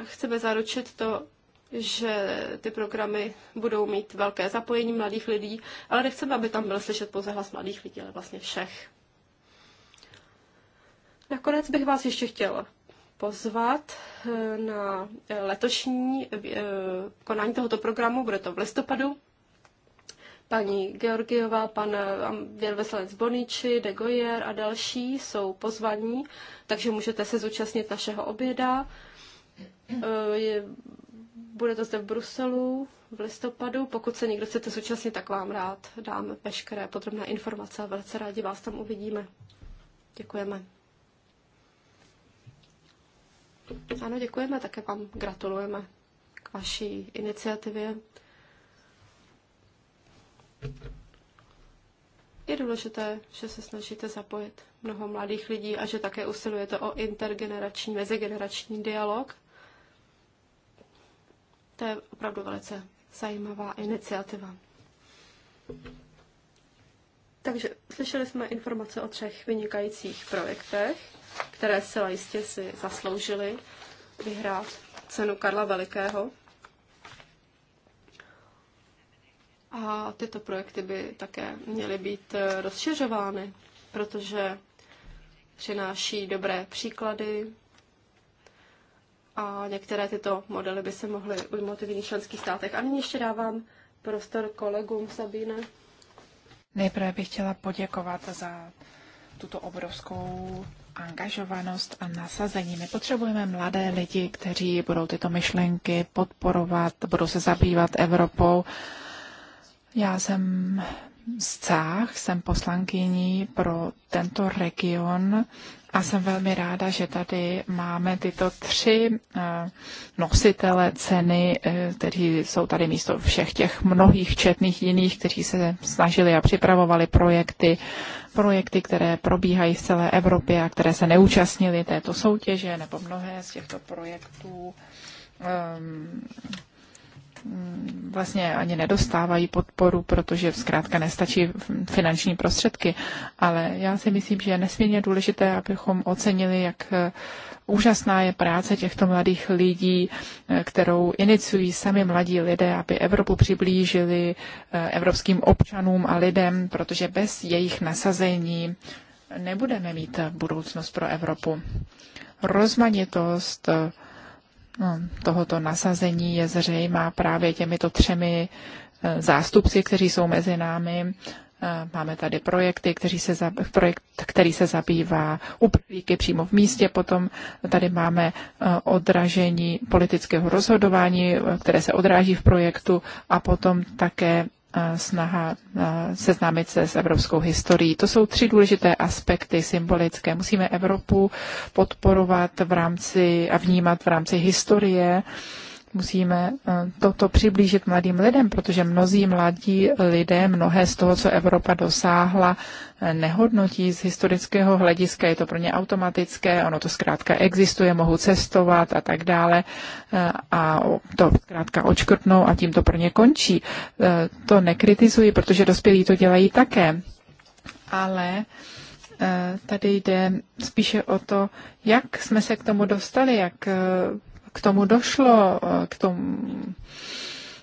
Chceme zaručit to, že ty programy budou mít velké zapojení mladých lidí, ale nechceme, aby tam byl slyšet pouze hlas mladých lidí, ale vlastně všech. Nakonec bych vás ještě chtěla pozvat eh, na eh, letošní eh, konání tohoto programu, bude to v listopadu. Paní Georgiová, pan velvyslanec Boniči, de Goyer a další jsou pozvaní, takže můžete se zúčastnit našeho oběda. Bude to zde v Bruselu v listopadu. Pokud se někdo chcete současně, tak vám rád dám veškeré podrobné informace a velice rádi vás tam uvidíme. Děkujeme. Ano, děkujeme, také vám gratulujeme k vaší iniciativě. Je důležité, že se snažíte zapojit mnoho mladých lidí a že také usilujete o intergenerační, mezigenerační dialog to je opravdu velice zajímavá iniciativa. Takže slyšeli jsme informace o třech vynikajících projektech, které zcela jistě si zasloužily vyhrát cenu Karla Velikého. A tyto projekty by také měly být eh, rozšiřovány, protože přináší dobré příklady, a některé tyto modely by se mohly ujmout i v jiných členských státech. A nyní ještě dávám prostor kolegům Sabine. Nejprve bych chtěla poděkovat za tuto obrovskou angažovanost a nasazení. My potřebujeme mladé lidi, kteří budou tyto myšlenky podporovat, budou se zabývat Evropou. Já jsem Scách, jsem poslankyní pro tento region a jsem velmi ráda, že tady máme tyto tři eh, nositele ceny, eh, kteří jsou tady místo všech těch mnohých četných jiných, kteří se snažili a připravovali projekty, projekty, které probíhají v celé Evropě a které se neúčastnili této soutěže, nebo mnohé z těchto projektů ehm, Mm, vlastně ani nedostávají podporu, protože zkrátka nestačí finanční prostředky. Ale já si myslím, že je nesmírně důležité, abychom ocenili, jak eh, úžasná je práce těchto mladých lidí, eh, kterou iniciují sami mladí lidé, aby Evropu přiblížili eh, evropským občanům a lidem, protože bez jejich nasazení nebudeme mít budoucnost pro Evropu. Rozmanitost, tohoto nasazení je zřejmá právě těmito třemi e, zástupci, kteří jsou mezi námi. E, máme tady projekty, kteří se, projekt, který se zabývá uprchlíky přímo v místě. Potom tady máme e, odražení politického rozhodování, které se odráží v projektu a potom také snaha seznámit se s evropskou historií. To jsou tři důležité aspekty symbolické. Musíme Evropu podporovat v rámci a vnímat v rámci historie, Musíme eh, toto přiblížit mladým lidem, protože mnozí mladí lidé mnohé z toho, co Evropa dosáhla, eh, nehodnotí z historického hlediska. Je to pro ně automatické, ono to zkrátka existuje, mohou cestovat a tak dále. Eh, a to zkrátka očkrtnou a tím to pro ně končí. To nekritizuji, protože dospělí to dělají také. Ale tady jde spíše o to, jak jsme se k tomu dostali, jak k tomu došlo, eh, k tomu,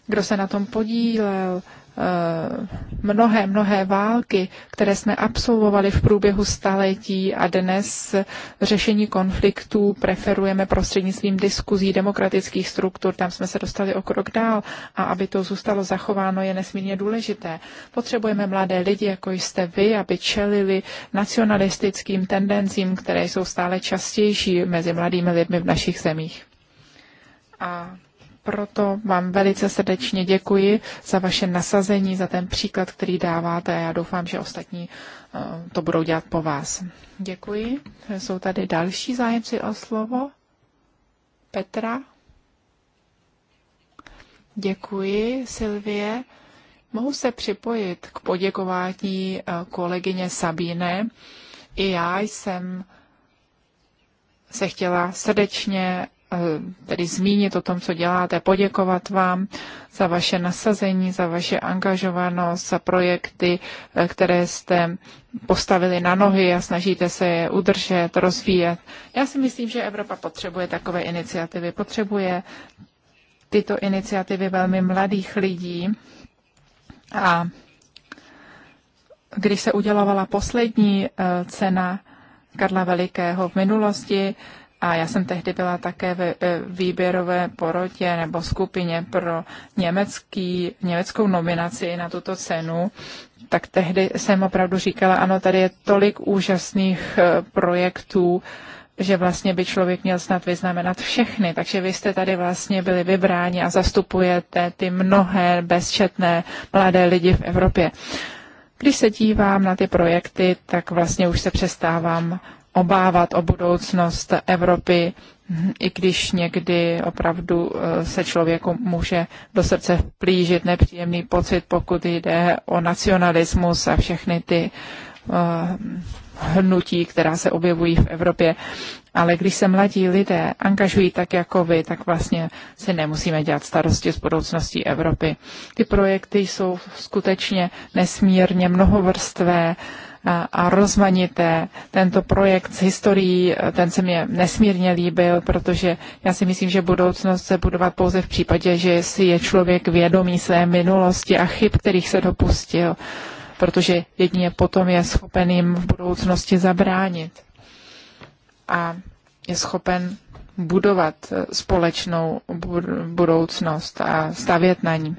kdo se na tom podílel, eh, mnohé, mnohé války, které jsme absolvovali v průběhu staletí a dnes řešení konfliktů preferujeme prostřednictvím diskuzí demokratických struktur, tam jsme se dostali o krok dál a aby to zůstalo zachováno je nesmírně důležité. Potřebujeme mladé lidi, jako jste vy, aby čelili nacionalistickým tendencím, které jsou stále častější mezi mladými lidmi v našich zemích. A proto vám velice srdečně děkuji za vaše nasazení, za ten příklad, který dáváte a já doufám, že ostatní eh, to budou dělat po vás. Děkuji. Jsou tady další zájemci o slovo? Petra? Děkuji, Silvie. Mohu se připojit k poděkování eh, kolegyně Sabíne. I já jsem se chtěla srdečně Eh, tedy zmínit o tom, co děláte, poděkovat vám za vaše nasazení, za vaše angažovanost, za projekty, eh, které jste postavili na nohy a snažíte se je udržet, rozvíjet. Já si myslím, že Evropa potřebuje takové iniciativy, potřebuje tyto iniciativy velmi mladých lidí a když se udělovala poslední eh, cena Karla Velikého v minulosti, a já jsem tehdy byla také ve e, výběrové porotě nebo skupině pro německý, německou nominaci na tuto cenu tak tehdy jsem opravdu říkala, ano, tady je tolik úžasných e, projektů, že vlastně by člověk měl snad vyznamenat všechny. Takže vy jste tady vlastně byli vybráni a zastupujete ty mnohé bezčetné mladé lidi v Evropě. Když se dívám na ty projekty, tak vlastně už se přestávám obávat o budoucnost Evropy, i když někdy opravdu eh, se člověku může do srdce plížit nepříjemný pocit, pokud jde o nacionalismus a všechny ty eh, hnutí, která se objevují v Evropě. Ale když se mladí lidé angažují tak jako vy, tak vlastně si nemusíme dělat starosti s budoucností Evropy. Ty projekty jsou skutečně nesmírně mnohovrstvé, a rozmanité. Tento projekt s historií, ten se mě nesmírně líbil, protože já si myslím, že budoucnost se budovat pouze v případě, že si je člověk vědomý své minulosti a chyb, kterých se dopustil, protože jedině potom je schopen jim v budoucnosti zabránit a je schopen budovat společnou budoucnost a stavět na ní.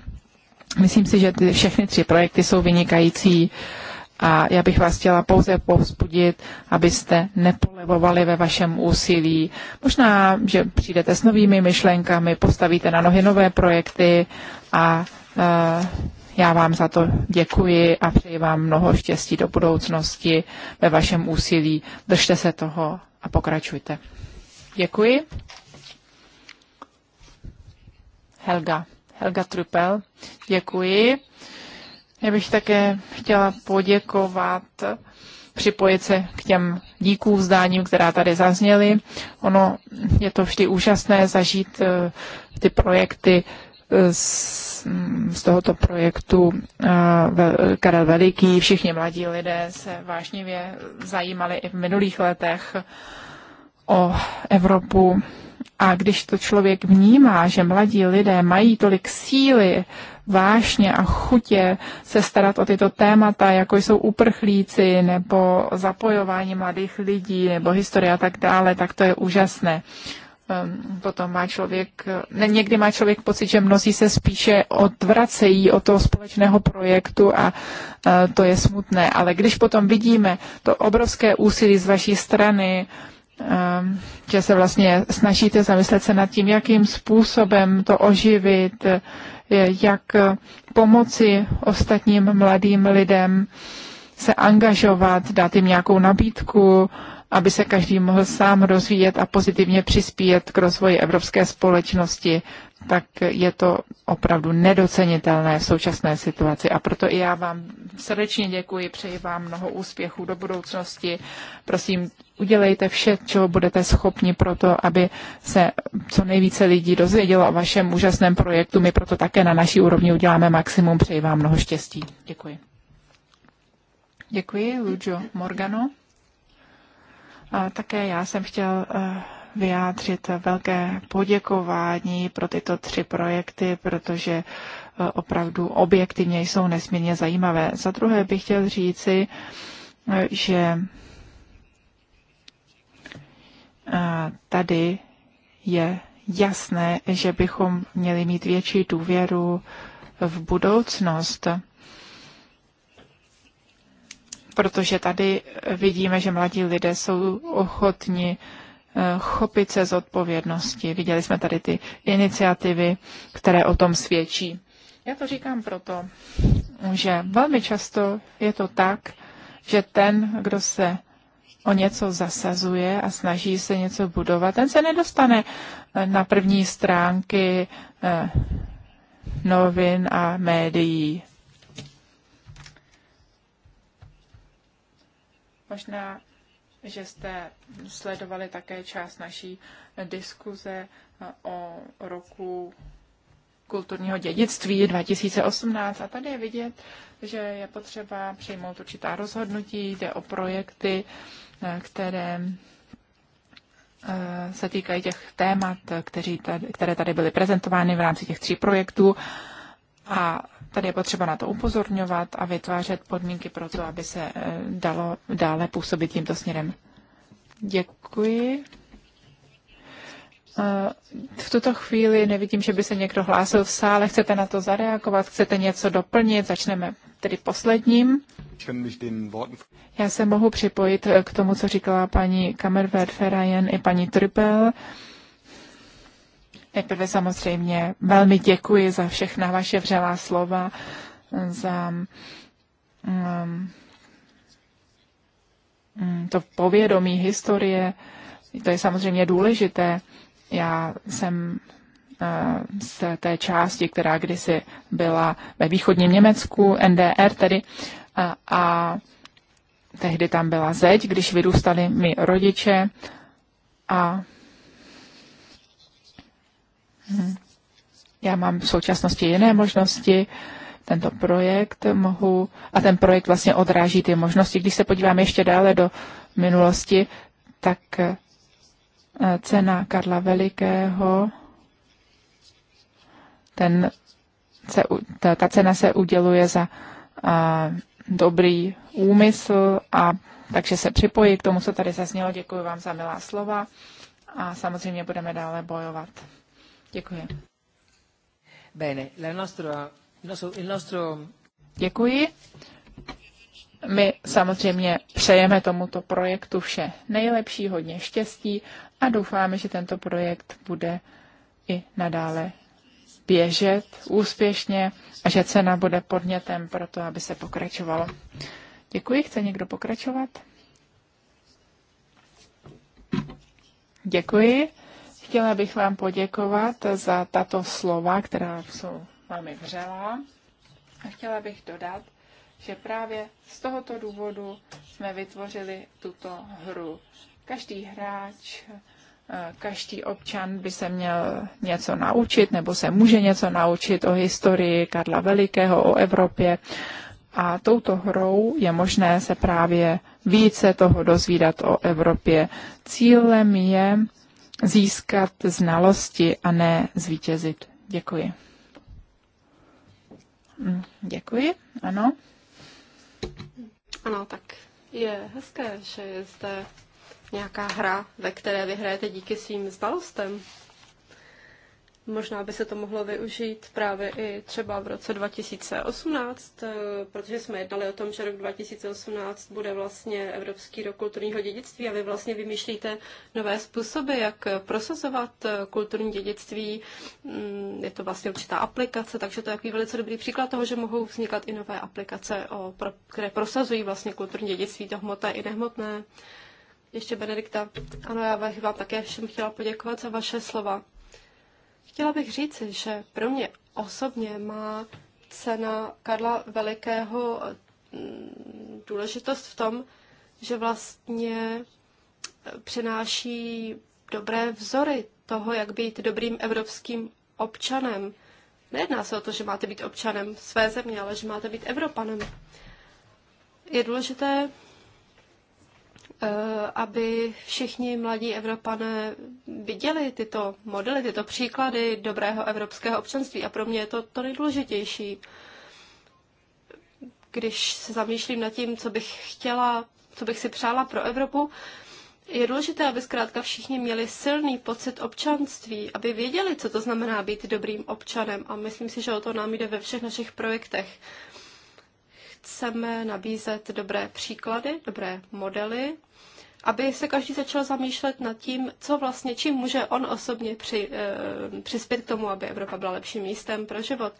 Myslím si, že ty všechny tři projekty jsou vynikající uh, a já bych vás chtěla pouze povzbudit, abyste nepolevovali ve vašem úsilí. Možná, že přijdete s novými myšlenkami, postavíte na nohy nové projekty a uh, já vám za to děkuji a přeji vám mnoho štěstí do budoucnosti ve vašem úsilí. Držte se toho a pokračujte. Děkuji. Helga. Helga Trupel. Děkuji. Já bych také chtěla poděkovat, připojit se k těm díků vzdáním, která tady zazněly. Ono je to vždy úžasné zažít eh, ty projekty z, eh, z tohoto projektu eh, Karel Veliký. Všichni mladí lidé se vážně zajímali i v minulých letech o Evropu a když to člověk vnímá, že mladí lidé mají tolik síly, vášně a chutě se starat o tyto témata, jako jsou uprchlíci nebo zapojování mladých lidí nebo historie a tak dále, tak to je úžasné. Ehm, potom má člověk, někdy má člověk pocit, že mnozí se spíše odvracejí od toho společného projektu a e, to je smutné. Ale když potom vidíme to obrovské úsilí z vaší strany, Ehm, že se vlastně snažíte zamyslet se nad tím, jakým způsobem to oživit, jak pomoci ostatním mladým lidem se angažovat, dát jim nějakou nabídku, aby se každý mohl sám rozvíjet a pozitivně přispět k rozvoji evropské společnosti tak je to opravdu nedocenitelné v současné situaci. A proto i já vám srdečně děkuji, přeji vám mnoho úspěchů do budoucnosti. Prosím, udělejte vše, čeho budete schopni pro to, aby se co nejvíce lidí dozvědělo o vašem úžasném projektu. My proto také na naší úrovni uděláme maximum. Přeji vám mnoho štěstí. Děkuji. Děkuji, Lujo Morgano. A také já jsem chtěl eh, vyjádřit velké poděkování pro tyto tři projekty, protože e, opravdu objektivně jsou nesmírně zajímavé. Za druhé bych chtěl říci, e, že e, tady je jasné, že bychom měli mít větší důvěru v budoucnost protože tady vidíme, že mladí lidé jsou ochotni Eh, chopit se z odpovědnosti. Viděli jsme tady ty iniciativy, které o tom svědčí. Já to říkám proto, že velmi často je to tak, že ten, kdo se o něco zasazuje a snaží se něco budovat, ten se nedostane eh, na první stránky eh, novin a médií. Možná že jste sledovali také část naší diskuze eh, o roku kulturního dědictví 2018. A tady je vidět, že je potřeba přijmout určitá rozhodnutí, jde o projekty, eh, které eh, se týkají těch témat, které tady byly prezentovány v rámci těch tří projektů. A Tady je potřeba na to upozorňovat a vytvářet podmínky pro to, aby se eh, dalo dále působit tímto směrem. Děkuji. Eh, v tuto chvíli nevidím, že by se někdo hlásil v sále. Chcete na to zareagovat? Chcete něco doplnit? Začneme tedy posledním. Já se mohu připojit k tomu, co říkala paní Kamerwert Ferajen i paní Trypel. Nejprve samozřejmě velmi děkuji za všechna vaše vřelá slova, za um, to povědomí historie. To je samozřejmě důležité. Já jsem eh, z té části, která kdysi byla ve východním Německu, NDR tedy, a, a tehdy tam byla zeď, když vyrůstali mi rodiče a já mám v současnosti jiné možnosti, tento projekt mohu, a ten projekt vlastně odráží ty možnosti. Když se podíváme ještě dále do minulosti, tak eh, cena Karla Velikého, ten ta, ta cena se uděluje za a, dobrý úmysl a takže se připojí k tomu, co tady zaznělo. Děkuji vám za milá slova a samozřejmě budeme dále bojovat. Děkuji. Bene, la nostra, nostro, il nostro... Děkuji. My samozřejmě přejeme tomuto projektu vše nejlepší, hodně štěstí a doufáme, že tento projekt bude i nadále běžet úspěšně a že cena bude podnětem pro to, aby se pokračovalo. Děkuji. Chce někdo pokračovat? Děkuji. Chtěla bych vám poděkovat za tato slova, která jsou vámi vřelá. A chtěla bych dodat, že právě z tohoto důvodu jsme vytvořili tuto hru. Každý hráč, každý občan by se měl něco naučit, nebo se může něco naučit o historii Karla Velikého, o Evropě. A touto hrou je možné se právě více toho dozvídat o Evropě. Cílem je získat znalosti a ne zvítězit. Děkuji. Hm, děkuji, ano. Ano, tak je hezké, že je zde nějaká hra, ve které vyhrajete díky svým znalostem. Možná by se to mohlo využít právě i třeba v roce 2018, eh, protože jsme jednali o tom, že rok 2018 bude vlastně Evropský rok kulturního dědictví a vy vlastně vymýšlíte nové způsoby, jak prosazovat eh, kulturní dědictví. Mm, je to vlastně určitá aplikace, takže to je takový velice dobrý příklad toho, že mohou vznikat i nové aplikace, které prosazují vlastně kulturní dědictví, to hmotné i nehmotné. Ještě Benedikta, ano, já vám také všem chtěla poděkovat za vaše slova Chtěla bych říci, že pro mě osobně má cena Karla Velikého mm, důležitost v tom, že vlastně eh, přináší dobré vzory toho, jak být dobrým evropským občanem. Nejedná se o to, že máte být občanem své země, ale že máte být Evropanem. Je důležité Eh, aby všichni mladí Evropané viděli tyto modely, tyto příklady dobrého evropského občanství. A pro mě je to to nejdůležitější. Když se zamýšlím nad tím, co bych chtěla, co bych si přála pro Evropu, je důležité, aby zkrátka všichni měli silný pocit občanství, aby věděli, co to znamená být dobrým občanem. A myslím si, že o to nám jde ve všech našich projektech. Uh, chceme nabízet dobré příklady, dobré modely, aby se každý začal zamýšlet nad tím, co vlastně, čím může on osobně při, eh, přispět k tomu, aby Evropa byla lepším místem pro život.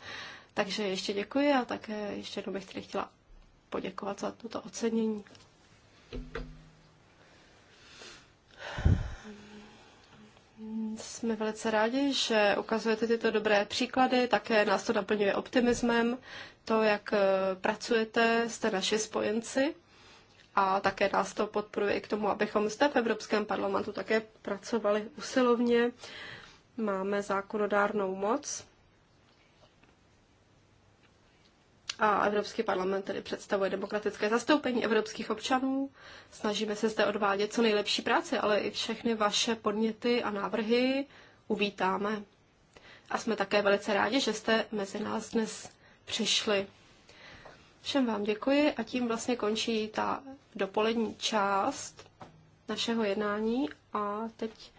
Takže ještě děkuji a také ještě jednou bych tedy chtěla poděkovat za toto ocenění. Jsme velice rádi, že ukazujete tyto dobré příklady, také nás to naplňuje optimismem to, jak eh, pracujete, jste naši spojenci a také nás to podporuje i k tomu, abychom zde v Evropském parlamentu také pracovali usilovně. Máme zákonodárnou moc a Evropský parlament tedy představuje demokratické zastoupení evropských občanů. Snažíme se zde odvádět co nejlepší práci, ale i všechny vaše podněty a návrhy uvítáme. A jsme také velice rádi, že jste mezi nás dnes přišli. Všem vám děkuji a tím vlastně končí ta dopolední část našeho jednání a teď